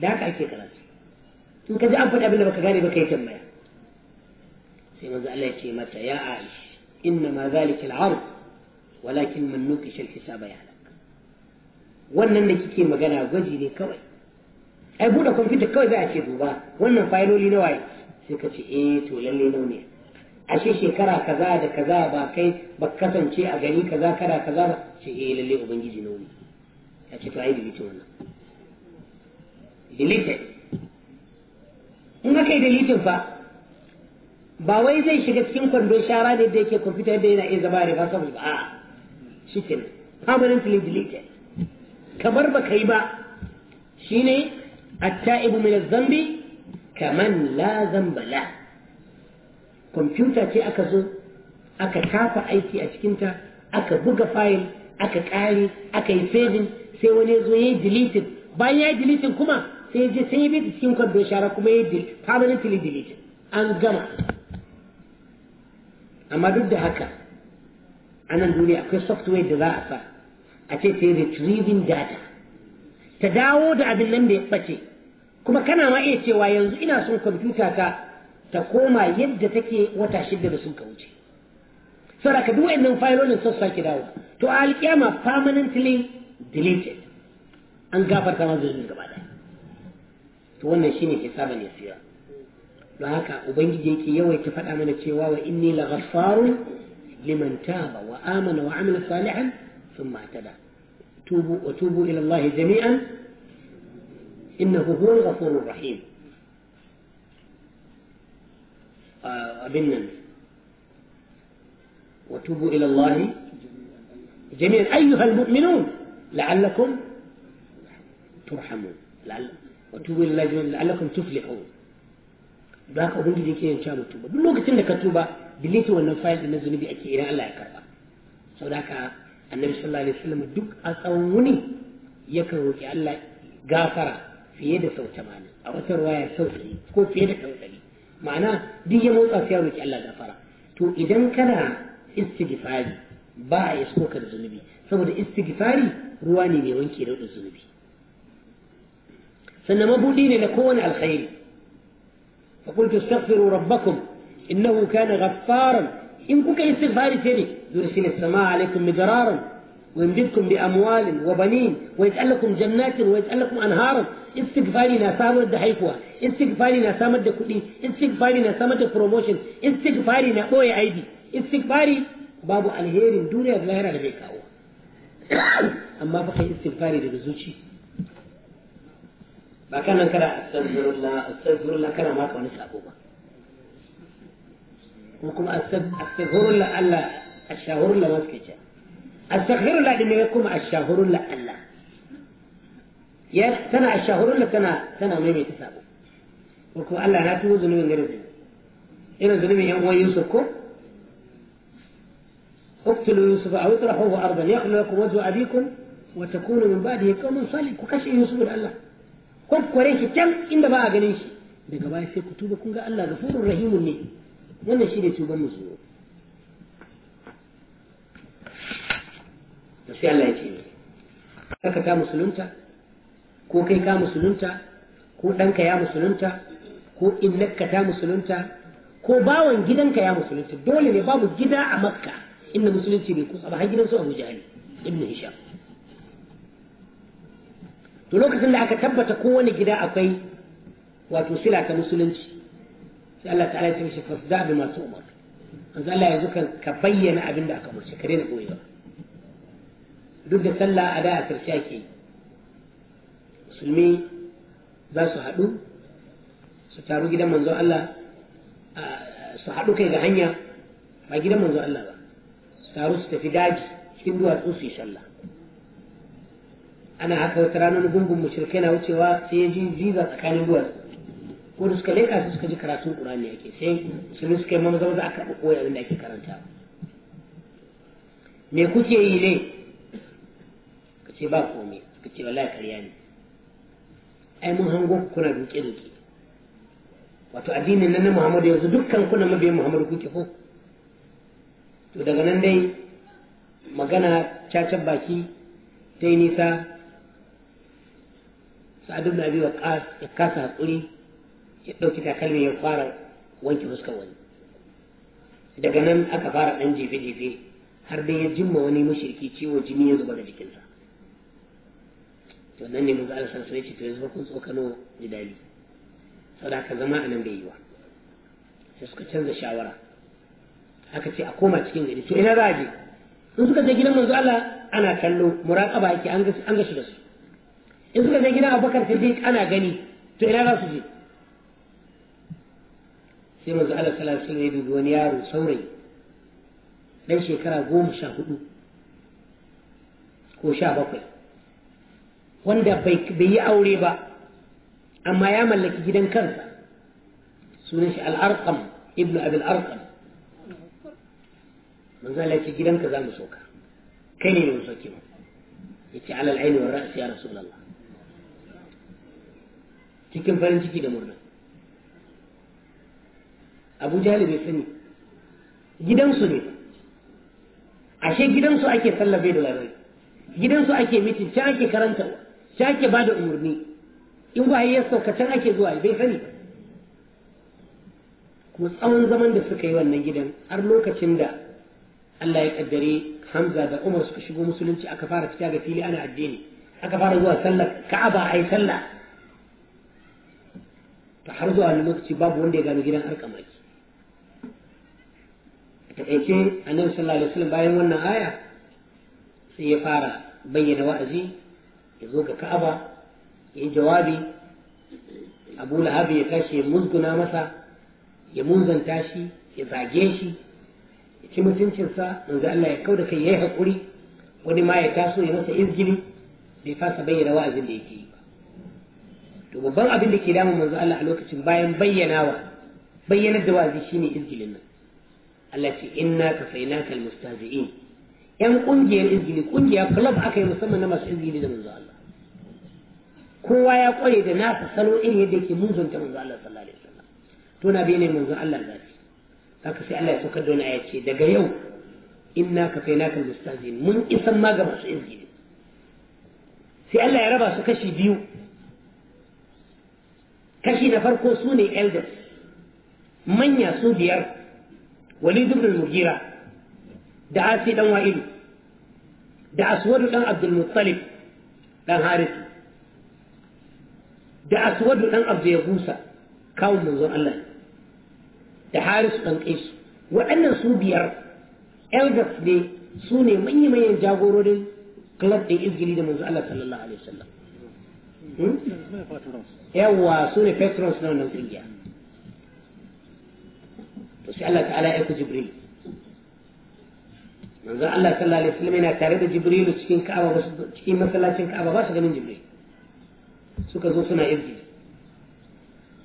da haka ake karatu in ka ji an faɗi abin da baka gane ba kai tambaya sai manzo Allah ya ce mata ya aisha inna ma zalika al-'arq walakin man nuqisha al-hisaba ya'lam wannan da kike magana gwaji ne kawai ai buɗe kwamfuta kawai za a ce duba wannan fayiloli na waye sai ka ce eh to lalle launi ashe shekara kaza da kaza ba kai ba kasance a gari kaza kara kaza ba ce eh lalle ubangiji ne ya ce to ai delete wannan delete in ka kai dalilin fa ba wai zai shiga cikin kwando shara ne da yake kwamfuta da yana iya zama rifa saboda ba a'a shi ke permanently deleted kamar ba kai ba shine at-ta'ibu min adh-dhanbi kaman la zamba la kwamfuta ce aka zo aka kafa aiki a cikinta aka buga fayil aka ƙare aka yi saving sai wani zo ya yi deleting bayan ya yi deleting kuma sai ya je sai ya bi cikin kwando shara kuma ya yi permanently deleting an gama amma duk da haka a nan duniya akwai software da za a sa a ce ta yi retrieving data ta dawo da abin nan da ya ɓace kuma kana ma iya cewa yanzu ina son kwamfuta ta ta koma yadda take wata shida da sun ka wuce Sara ka duk wa'annan fayilolin sun sake dawo to a alƙiyama permanently deleted an gafarta ma zunubin gaba ɗaya to wannan shine hisaban yasira don haka ubangiji yake yawaita faɗa mana cewa wa inni la ghaffarun liman taba wa amana wa amila salihan thumma tada tubu wa tubu ila Allah jami'an إنه هو الغفور الرحيم آه، أبنا وتوبوا إلى الله جميعا أيها المؤمنون لعلكم ترحمون وتوبوا إلى الله لعلكم تفلحون ذاك أبنك دين كيان شام التوبة بلوك إنك التوبة بليتو وأنه فايد النزل نبي أكي إلى الله يكرب سوداك النبي صلى الله عليه وسلم دك أصوني يكرب يا الله غافره في يد صوت أو رواية صوت لي في يد صوت معناه دي موتا سيارة الله دفرا تو إذا كان استغفاري با يسكو كر زنبي سبب رواني مي وانكي رو الزنبي سنما بودين لكون الخير فقلت استغفروا ربكم إنه كان غفارا إن كنت استغفاري تاني يرسل السماء عليكم مدرارا ويمددكم باموال وبنين ويجعل لكم جنات ويجعل لكم انهارا استغفاري نسامة دحيفوا استغفاري نسامة دكولي استغفاري نسامة بروموشن استغفاري نبوي ايدي استغفاري بابو الهير الدنيا الظاهرة اللي بيكاو اما بقي استغفاري لبزوشي بكان انكرا استغفر الله استغفر الله كان ما كان ابوك وكم استغفر الله الا الشهور اللي ماسكتش أستغفر الله لما يكون الشهور لا ألا يا سنة الشهور لا سنة سنة ما يبي تسابه وكو لا تقول زنوب غيره إن زنوب هو يوسف اقتلوا يوسف أو اطرحوه أرضا يخلو لكم وجه أبيكم وتكونوا من بعده قوما صالحين وكشف يوسف إلى الله كف كريش كم إن دبا أغنيش دقبا كتبكم كتوبكم الله غفور رحيم مني وانا شيري توبا مزور sai Allah ya ce kaka ta musulunta ko kai ka musulunta ko ɗanka ya musulunta ko innaka ta musulunta ko bawan gidanka ya musulunta dole ne babu gida a makka inda musulunci bai kusa ba har gidan su abu jahali ibn hisham to lokacin da aka tabbata kowane gida akwai wato sila ta musulunci sai Allah ta'ala ya ce za fasda bi ma tu'mar manzo Allah yanzu ka bayyana abin da aka murce ka daina ba. duk da sallah a da karshe ake musulmi za su haɗu su taru gidan manzo Allah su haɗu kai ga hanya ba gidan manzo Allah ba su taru su tafi daji cikin duwatsu su yi sallah ana haka wata na gungun mushrikai na wucewa sai ya ji ziza tsakanin duwatsu ko da suka leka su suka ji karatun qur'ani ake sai musulmi suka yi maza maza aka karɓi koyar da ake karantawa me kuke yi ne ce ba komai suka ce wallahi karya ne ai mun hango kuna duke duke wato addinin nan na Muhammadu yanzu dukkan kuna mabiya Muhammadu kuke ko to daga nan dai magana cacan baki ta yi nisa sa'adu na biyu ya kasa haƙuri ya ɗauki takalmi ya fara wanke fuskar wani daga nan aka fara ɗan jefe-jefe har dai ya jimma wani mashirki ciwo jini ya zuba da jikinsa to nan ne mun a san sai ce to yanzu kun tsokano jidali da haka zama a nan bai yi wa sai suka canza shawara aka ce a koma cikin gari to ina za a je in suka je gidan manzo Allah ana kallo muraqaba yake an ga an ga su da su in suka je gidan Abubakar Siddiq ana gani to ina za su je sai manzo Allah sallallahu alaihi wasallam ya dubi wani yaro saurayi dan shekara goma sha hudu ko sha bakwai wanda bai yi aure ba amma ya mallaki gidan kansa sunan shi al'arqam ibnu abil arqam manzo Allah ce gidanka za mu soka kai ne mu soke mu yace alal aini wa ra'si ya rasulullah cikin farin ciki da murna Abu Jahl bai sani gidansu ne ashe gidansu ake sallah bai da larai gidansu ake mitin can ake karanta shake ba da umarni in wahayi ya sauka can ake zuwa bai sani ba kuma tsawon zaman da suka yi wannan gidan har lokacin da Allah ya kaddare Hamza da Umar suka shigo musulunci aka fara fita ga fili ana addini aka fara zuwa sallar Ka'aba ai sallah ta har zuwa wani lokaci babu wanda ya gano gidan har kamaki a taƙaice annabi sallallahu alaihi wasallam bayan wannan aya sai ya fara bayyana wa'azi ya zo ga ka'aba ya yi jawabi abu lahabi ya tashi ya musguna masa ya munzanta shi ya zage shi ya ci mutuncinsa manzo Allah ya kauda kai ya yi hakuri, wani ma ya taso ya masa izgini bai fasa bayyana wa'azin da yake yi ba to babban abin da ke damun manzo Allah a lokacin bayan bayyanawa bayyanar da wa'azi shine izgilin nan Allah ce inna kafainaka almustazi'in yan kungiyar izgili kungiya club aka yi musamman na masu izgili da manzo Allah kowa ya kware da nasa salo irin yadda yake muzunta manzo Allah sallallahu alaihi wasallam to na bene manzo Allah zafi haka sai Allah ya saukar da wani aya ce daga yau inna kafainaka mustazin mun isan ma ga masu izgili sai Allah ya raba su kashi biyu kashi na farko su ne elders manya su biyar walid ibn mugira دعا سيدان وائل دعا سود دان عبد المطلب دان حارث دعا سود دان عبد يغوسا كاو من زون الله دعا حارث دان قيس وانا سو بيار ايلدرز دي سو ني ماني ماني جاغورو دي كلب دي ازغلي من زون الله صلى الله عليه وسلم يوا سوني بيتروس نون نون قيا تسي الله تعالى ايكو جبريل manzon Allah sallallahu alaihi wasallam yana tare da Jibrilu cikin Ka'aba cikin masallacin Ka'aba ba su ganin Jibril suka zo suna irji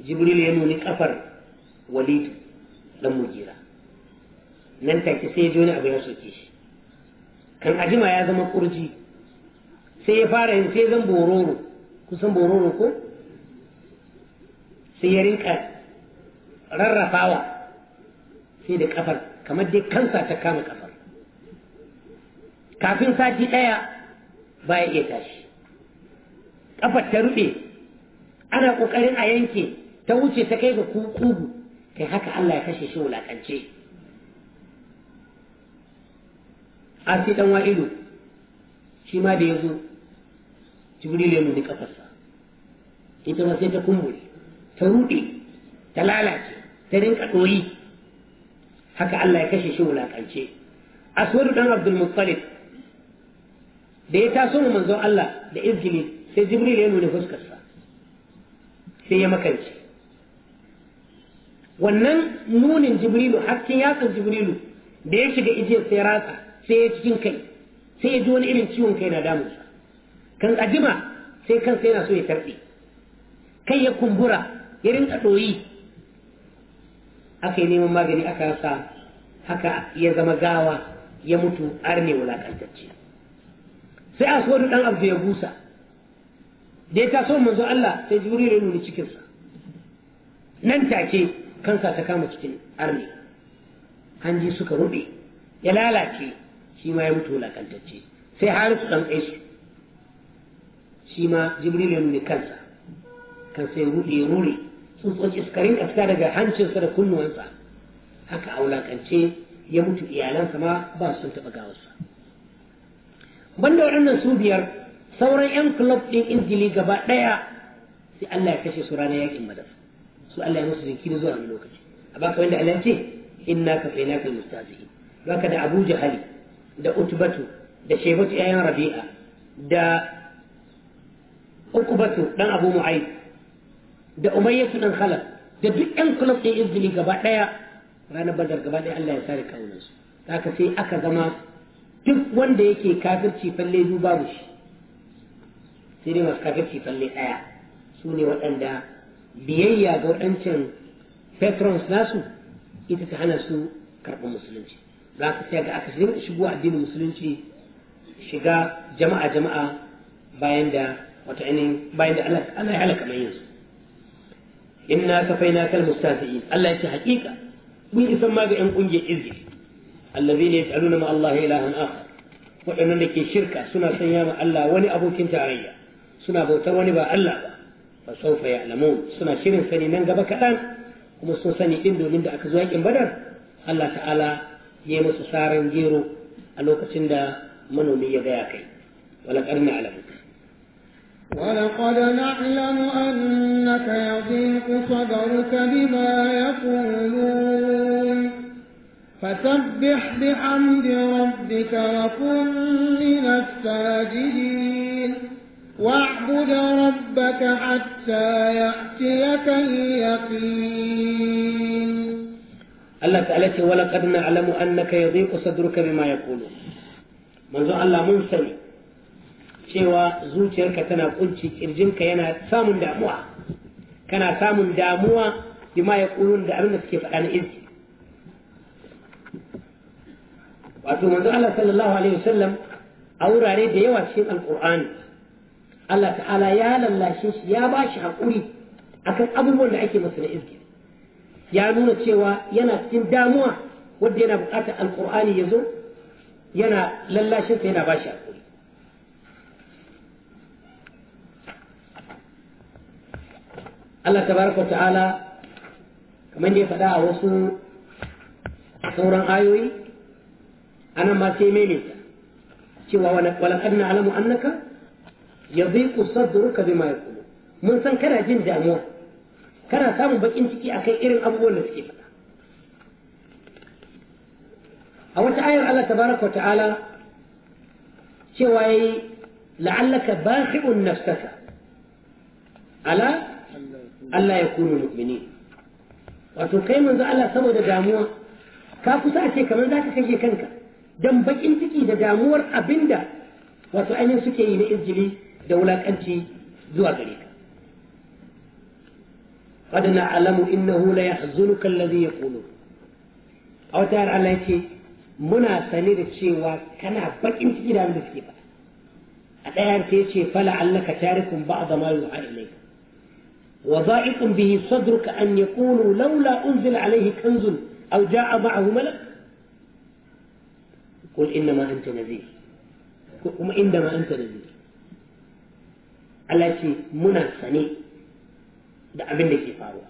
Jibril ya nuni kafar Walid dan mujira nan take sai ya ji wani abu ya soke shi kan ajima ya zama kurji sai ya fara yin sai zan bororo kusan bororo ko sai ya rinka rarrafawa sai da kafar kamar dai kansa ta kama kafar kafin sati ɗaya ya iya tashi ƙafar ta ruɓe ana ƙoƙarin a yanke ta wuce ta kai ga kugu kai haka Allah ya kashe shi wulaƙance asi ɗan wa'ilu shi ma da ya zo jibril ya nuni ƙafarsa ita ma sai ta kumbure ta ruɗe ta lalace ta rinka ɗoyi haka Allah ya kashe shi wulaƙance aswadu dan abdul muttalib da ya taso mu manzon Allah da izgili sai jibril ya nuna fuskarsa sai ya makance wannan nunin jibrilu hakkin yatsan jibrilu da ya shiga ijiyar sai ratsa sai ya cikin kai sai ya ji wani irin ciwon kai na damunsa kan ajima sai kansa yana so ya tarbe kai ya kumbura ya rinka ɗoyi aka yi neman magani aka rasa haka ya zama gawa ya mutu arne wulakantacciya sai aswadu dan abdu ya busa da ya taso manzo Allah sai jibril ya nuna cikinsa nan take kansa ta kama cikin arni hanji suka rube ya lalace shi ma ya mutu lakantacce sai harisu dan aisu shi ma jibril ya nuna kansa kansa ya rube ya rure tsuntsun iskarin iska daga hancinsa da kunnuwansa haka a wulakance ya mutu iyalansa ma ba su sun taɓa gawarsa banda waɗannan su biyar sauran 'yan club ɗin ingili gaba ɗaya sai Allah ya kashe su ranar yakin badar su Allah ya musu jinkiri zuwa wani lokaci a baka wanda Allah ya ce inna ka fa inaka mustazihi baka da Abu Jahali da Utbatu da Shebatu yayan Rabi'a da Ukubatu dan Abu Mu'ayyid da Umayyatu dan Khalaf da duk 'yan club ɗin ingili gaba ɗaya ranar badar gaba ɗaya Allah ya sare kawunan su haka sai aka zama duk wanda yake kafirci falle biyu babu shi sai dai masu kafirci falle ɗaya su ne waɗanda biyayya ga waɗancan patrons nasu ita ta hana su karɓar musulunci za ka sai ga aka shigo addinin musulunci shiga jama'a jama'a bayan da wata ainihin bayan da Allah ya halaka mai yanzu inna kafaina kal mustafi'in Allah ya ce haƙiƙa mun isan ma ga 'yan ƙungiyar izini الذين يجعلون مع الله إلها آخر وإن لك شركة سنة سيامة ألا وني أبو كنت عليا سنة بوتا وني با فسوف يعلمون سنة شرين سني ننقى بكالان ومسو سني إندو من دعك زواج الله تعالى يمس سارا جيرو ألوك سندا منو مي يغياكي ولك أرنا علمك ولقد نعلم أنك يضيق صدرك بما يقولون فسبح بحمد ربك وكن من الساجدين واعبد ربك حتى يأتيك اليقين الله تعالى ولقد نعلم أنك يضيق صدرك بما يقول منذ الله من سوي شوى زوجك تنا قلت كرجمك ينا سام داموا كان سام دعموها بما يقولون دعمنا كيف عن إذن wato manzo Allah sallallahu alaihi wasallam a wurare da yawa cikin alqur'ani Allah ta'ala ya lallashe shi ya ba shi haƙuri akan abubuwan da ake masa na izgi ya nuna cewa yana cikin damuwa wanda yana bukatar alqur'ani ya zo yana lallashin sa yana ba shi haƙuri Allah tabaraka ta'ala kamar da ya faɗa a wasu sauran ayoyi أنا ما سيميني ولقد نعلم أنك يضيق صدرك بما يقول من سن كنا جن دامو كنا سامو بك انت كي أكي إرن أبوه لسكي فتا أول تآير الله تبارك وتعالى شوي لعلك باخع نفسك على ألا يكونوا مؤمنين وتقيم kai manzo Allah saboda damuwa ka kusa a ذاك kamar za ka don bakin ciki da damuwar abinda wato ainihin suke yi na injili da wulakanci zuwa gare ka قد نعلم إنه ليحزنك الذي يقولون أو تعالى الله يتي منا سنير الشيوى كان بكين في جرام بسكيبا الآن تيشي فلعلك تارك بعض ما يوحى إليك وضائق به صدرك أن يقولوا لولا أنزل عليه كنز أو جاء معه ملك قل إنما أنت نذير kuma inda ma anta nabi Allah ce muna sane da abin da ke faruwa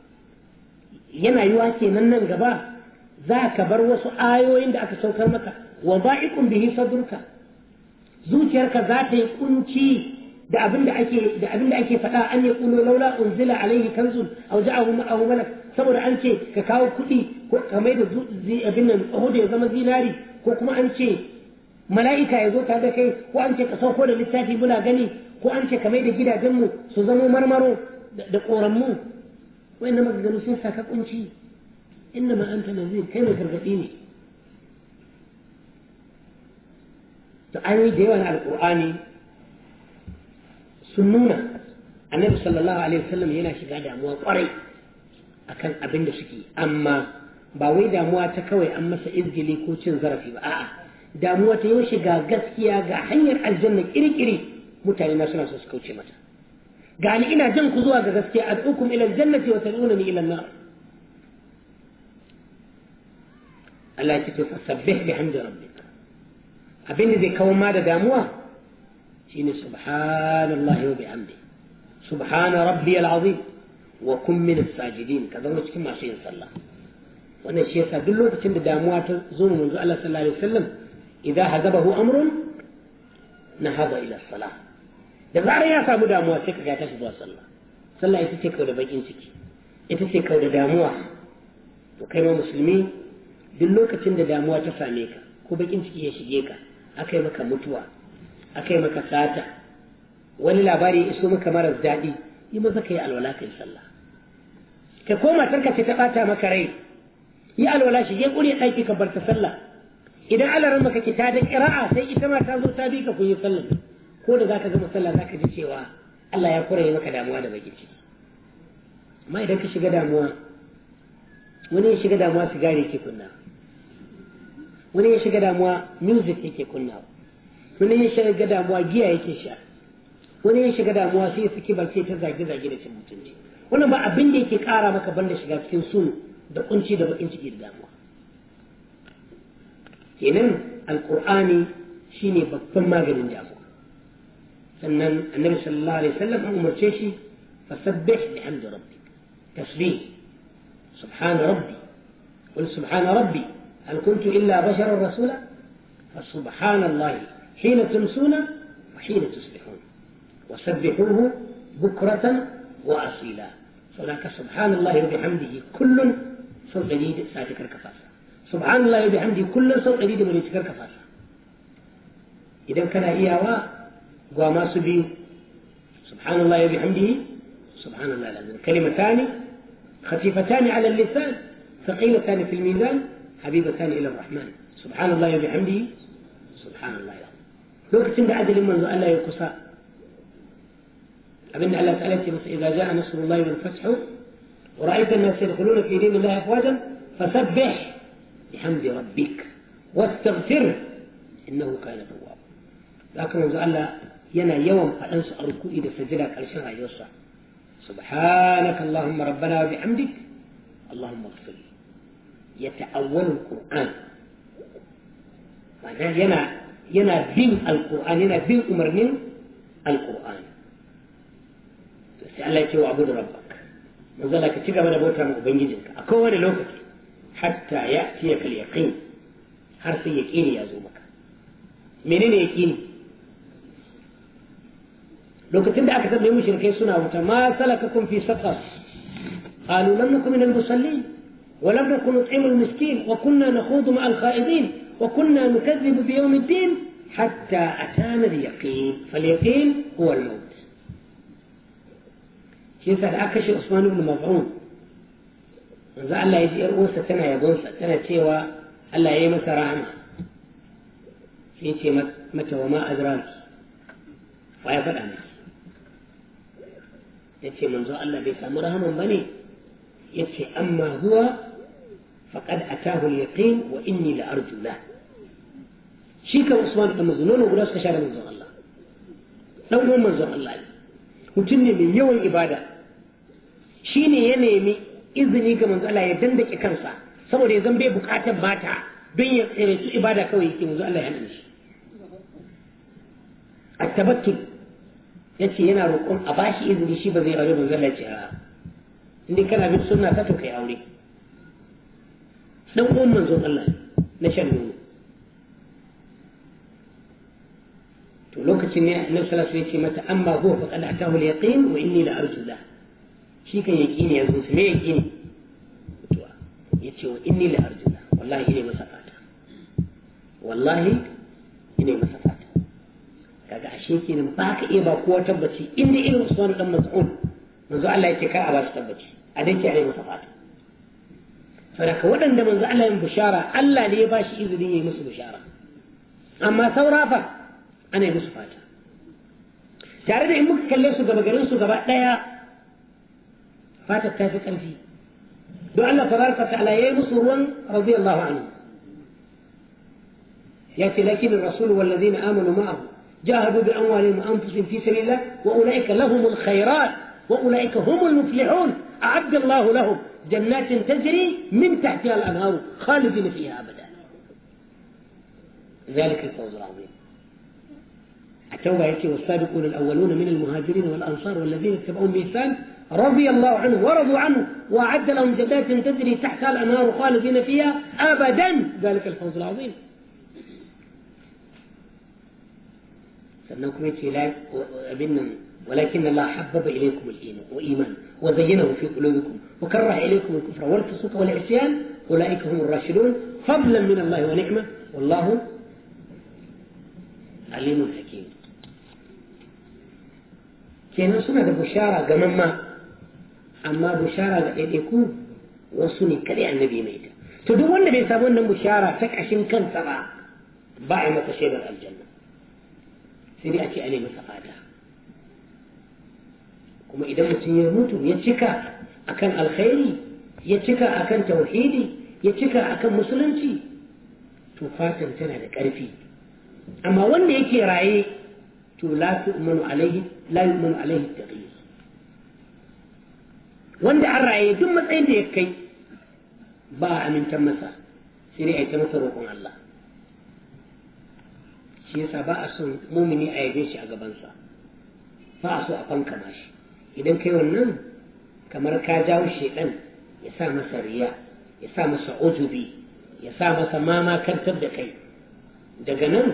yana yiwa kenan nan gaba za ka bar wasu ayoyin da aka saukar maka wa ba'ikum bihi sadurka, zuciyarka za ta yi kunci da abin da ake da abin da ake faɗa an ya kulo laula unzila alaihi kanzun aw ja'ahu ma'ahu malak saboda an ce ka kawo kuɗi ko mai da abin nan ko da ya zama zinari ko kuma an ce mala'ika ya zo tare da kai ko an ce ka sauko da littafi muna gani ko an ce ka mai da gidajenmu su zamo marmaro da Wai wa'annan maganganu sun saka kunci inna ma anta nazir kai mai gargaɗi ne to an yi da yawan alqur'ani sunnuna annabi sallallahu alaihi wasallam yana shiga damuwa kwarai akan abin da suke amma ba wai damuwa ta kawai an masa izgili ko cin zarafi ba a'a damuwa ta yau shiga gaskiya ga hanyar aljanna kirkiri mutane na suna so su kauce mata gani ina jan ku zuwa ga gaskiya ad'ukum ila aljannati wa tad'unani ila an-nar Allah ya ce fasabbih bihamdi rabbika abin da zai kawo ma da damuwa شيني سبحان الله وبحمده سبحان ربي العظيم وكن من الساجدين كذا لو cikin masu yin sallah wannan shi yasa duk lokacin da damuwa ta zo mu manzo Allah sallallahu alaihi wasallam idza hazabahu amrun nahada ila salah da zarar ya samu damuwa sai kaga tashi zuwa sallah sallah ita ce kauda bakin ciki ita ce kauda damuwa to kai ma musulmi duk lokacin da damuwa ta same ka ko bakin ciki ya shige ka aka yi maka mutuwa Akai maka sata wani labari iso maka maras daɗi yi maza ka yi alwala ka yi sallah ka koma tarka ce ta ɓata maka rai yi alwala shi je ƙure ɗaki ka bar ta sallah idan alaran maka ki ta da ƙira'a sai ita ma ta zo ta bi ka kun yi sallah ko da za ka gama sallah za ka ji cewa Allah ya kura maka damuwa da baki ciki amma idan ka shiga damuwa wani ya shiga damuwa sigari ke kunna wani ya shiga damuwa music yake kunna wani ya shiga damuwa giya yake sha wani ya shiga damuwa sai ya saki baki ta zage zage da cin mutunci wannan ba abin da yake kara maka banda shiga cikin sunu da kunci da bakin ciki da damuwa kenan alqur'ani shine babban maganin damuwa sannan annabi sallallahu alaihi wasallam an umarce shi fasabbih bihamdi rabbik tasbih subhana rabbi قل سبحان ربي هل كنت إلا بشرا رسولا فسبحان الله حين تمسون وحين تصبحون وسبحوه بكرة وأصيلا فلك سبحان الله وبحمده كل سوء جديد ساتكر كفاسة سبحان الله وبحمده كل سوء جديد من يتكر كفاسة إذا كان إياوا قواما سبيو سبحان الله وبحمده سبحان الله العظيم كلمتان خفيفتان على اللسان ثقيلتان في الميزان حبيبتان إلى الرحمن سبحان الله وبحمده سبحان الله العظيم لوكتين بعد اجل من الله يقصى ابن الله تعالى بس اذا جاء نصر الله والفتح ورايت الناس يدخلون في دين الله افواجا فسبح بحمد ربك واستغفر انه كان توابا لكن من الله ينا يوم فانس اركو اذا سجل قال شرع سبحانك اللهم ربنا وبحمدك اللهم اغفر لي يتأول القرآن معناه ينا yana bin alkur'ani yana bin umarnin alkur'ani to sai Allah ya ce wa abu da rabbak manzo Allah ka ci gaba da bauta ma ubangijinka a kowane lokaci hatta ya tiya kal yaqin har sai yaqini ya zo maka menene yaqini lokacin da aka tabbai mushrikai suna wuta ma salakakum fi saqar قالوا لم نكن من المصلين ولم نكن نطعم المسكين وكنا نخوض مع الخائضين وكنا نكذب بيوم الدين حتى أتانا اليقين فاليقين هو الموت شيخ الأكش عثمان بن مظعون إذا ألا يجي رؤوس سنة يبون سنة تيوى ألا يجي مسرا عنه شيخ متى وما أدراك ويقول أنا يتي من ذو الله بيسا مرهم بني يتي أما هو فقد أتاه اليقين وإني لأرجو له shi kan usman da manzo nono guda suka share da Allah dan uwan manzon Allah mutum ne mai yawan ibada shi ne ya nemi izini ga manzo Allah ya dandake kansa saboda ya zambe bukatar mata don ya tsere ibada kawai yake manzo Allah ya hana shi at ya ce yana roƙon a bashi izini shi ba zai aure manzo Allah ya ce a'a indai kana bin sunna ta to kai aure dan uwan manzon Allah na shan nono to lokacin ne annabi sallallahu alaihi wasallam ya ce mata amma huwa faqad ta al-yaqin wa inni la arju la shi kan yaqini yanzu sai me yaqini mutuwa yace wa inni la arju la wallahi ina masa fata wallahi ina masa fata kaga ashe kenan ba ka iya ba kowa tabbaci inda irin Usman dan Mas'ud manzo Allah yace kar a ba shi tabbaci a dai a ai masa fata saboda waɗanda manzo Allah ya bishara Allah ne ya ba shi izinin ya yi musu bishara amma saurafa أنا yi musu تعرف tare da in muka kalle su gaba garin su gaba ɗaya fatar ta fi ƙarfi don Allah tabaraka ta'ala يأتي لكن الرسول والذين آمنوا معه جاهدوا بأموالهم وأنفسهم في سبيل الله وأولئك لهم الخيرات وأولئك هم المفلحون أعد الله لهم جنات تجري من تحتها الأنهار خالدين فيها أبدا ذلك الفوز العظيم التوبة يأتي والسابقون الأولون من المهاجرين والأنصار والذين اتبعون بإحسان رضي الله عنه ورضوا عنه وأعد لهم جنات تجري تحتها الأنهار خالدين فيها أبدا ذلك الفوز العظيم سنكم يأتي ولكن الله حبب إليكم الإيمان وإيمان وزينه في قلوبكم وكره إليكم الكفر والفسوق والعصيان أولئك هم الراشدون فضلا من الله ونعمة والله عليم حكيم kenan suna da bushara ga mamma amma bushara ga ɗaiɗaiku wasu ne kaɗai annabi mai ta to duk wanda bai samu wannan bushara ta ƙashin kansa ba ba a yi masa shaidar aljanna sai dai a ce a nemi sa'ada kuma idan mutum ya mutu ya cika akan alkhairi ya cika akan tauhidi ya cika akan musulunci to fatan tana da ƙarfi amma wanda yake raye to la tu'manu alaihi la yu'manu alaihi wanda an raye duk matsayin da ya kai ba a amintan masa sai dai a yi ta masa roƙon Allah shi yasa ba a son mumini a yabe shi a gabansa ba a so a fanka shi idan kai wannan kamar ka jawo shedan ya sa masa riya ya sa masa ujubi ya sa masa mama da kai daga nan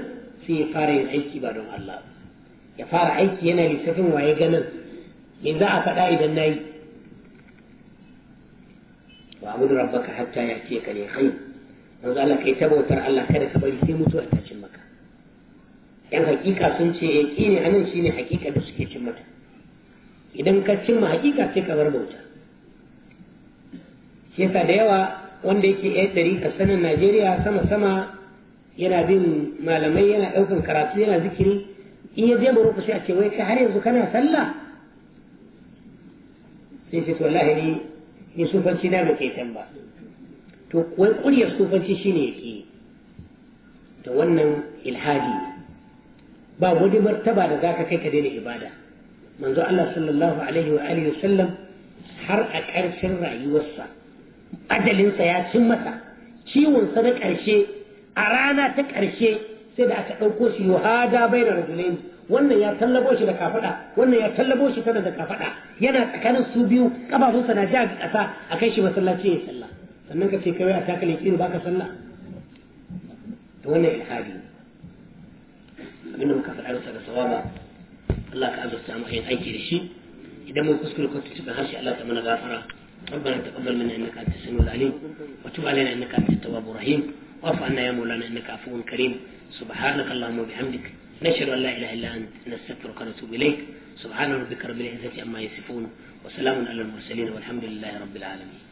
sai ya fara yin aiki ba don Allah ba ya fara aiki yana lissafin waye ganin me za a faɗa idan na yi wa abu da rabbaka hatta ya ce ka ne kai za Allah kai ta bautar Allah kada ka bari sai mutuwa ta cin maka yan hakika sun ce ya eh, ƙi ne anan shine hakika da suke cin mata idan ka cimma hakika sai ka bar bauta shi da yawa wanda yake ɗaya ɗari ka sanin Najeriya sama sama yana bin malamai yana ɗaukan karatu yana zikiri in ya je maroko sai a ce wai har yanzu kana sallah sai ce wallahi ni ni sufanci na bai kai can ba to wai kuryar sufanci shine yake da wannan ilhadi ba wani martaba da zaka kai ka daina ibada manzo Allah sallallahu alaihi wa alihi har a ƙarshen rayuwarsa ajalinsa ya cin masa ciwon sa na ƙarshe a rana ta ƙarshe sai da aka ɗauko shi yuhada bai da rajulaini wannan ya tallabo shi da kafaɗa wannan ya tallabo shi tana da kafaɗa yana tsakanin su biyu ƙafafunsa na ja ga ƙasa a kai shi masallaci ya sallah sannan ka ce kawai a takalin kiri baka sallah to wannan ilhadi abinda muka faɗa bisa da sawaba Allah ka azurta mu yin aiki da shi idan mun kuskure ko tuntuɓe harshe Allah ta mana gafara ربنا تقبل منا انك انت السميع العليم وتب علينا انك انت التواب الرحيم واعف يا مولانا إنك عفو كريم سبحانك اللهم وبحمدك نشهد أن لا إله إلا أنت نستغفرك ونتوب إليك سبحان ربك رب العزة عما يصفون وسلام على المرسلين والحمد لله رب العالمين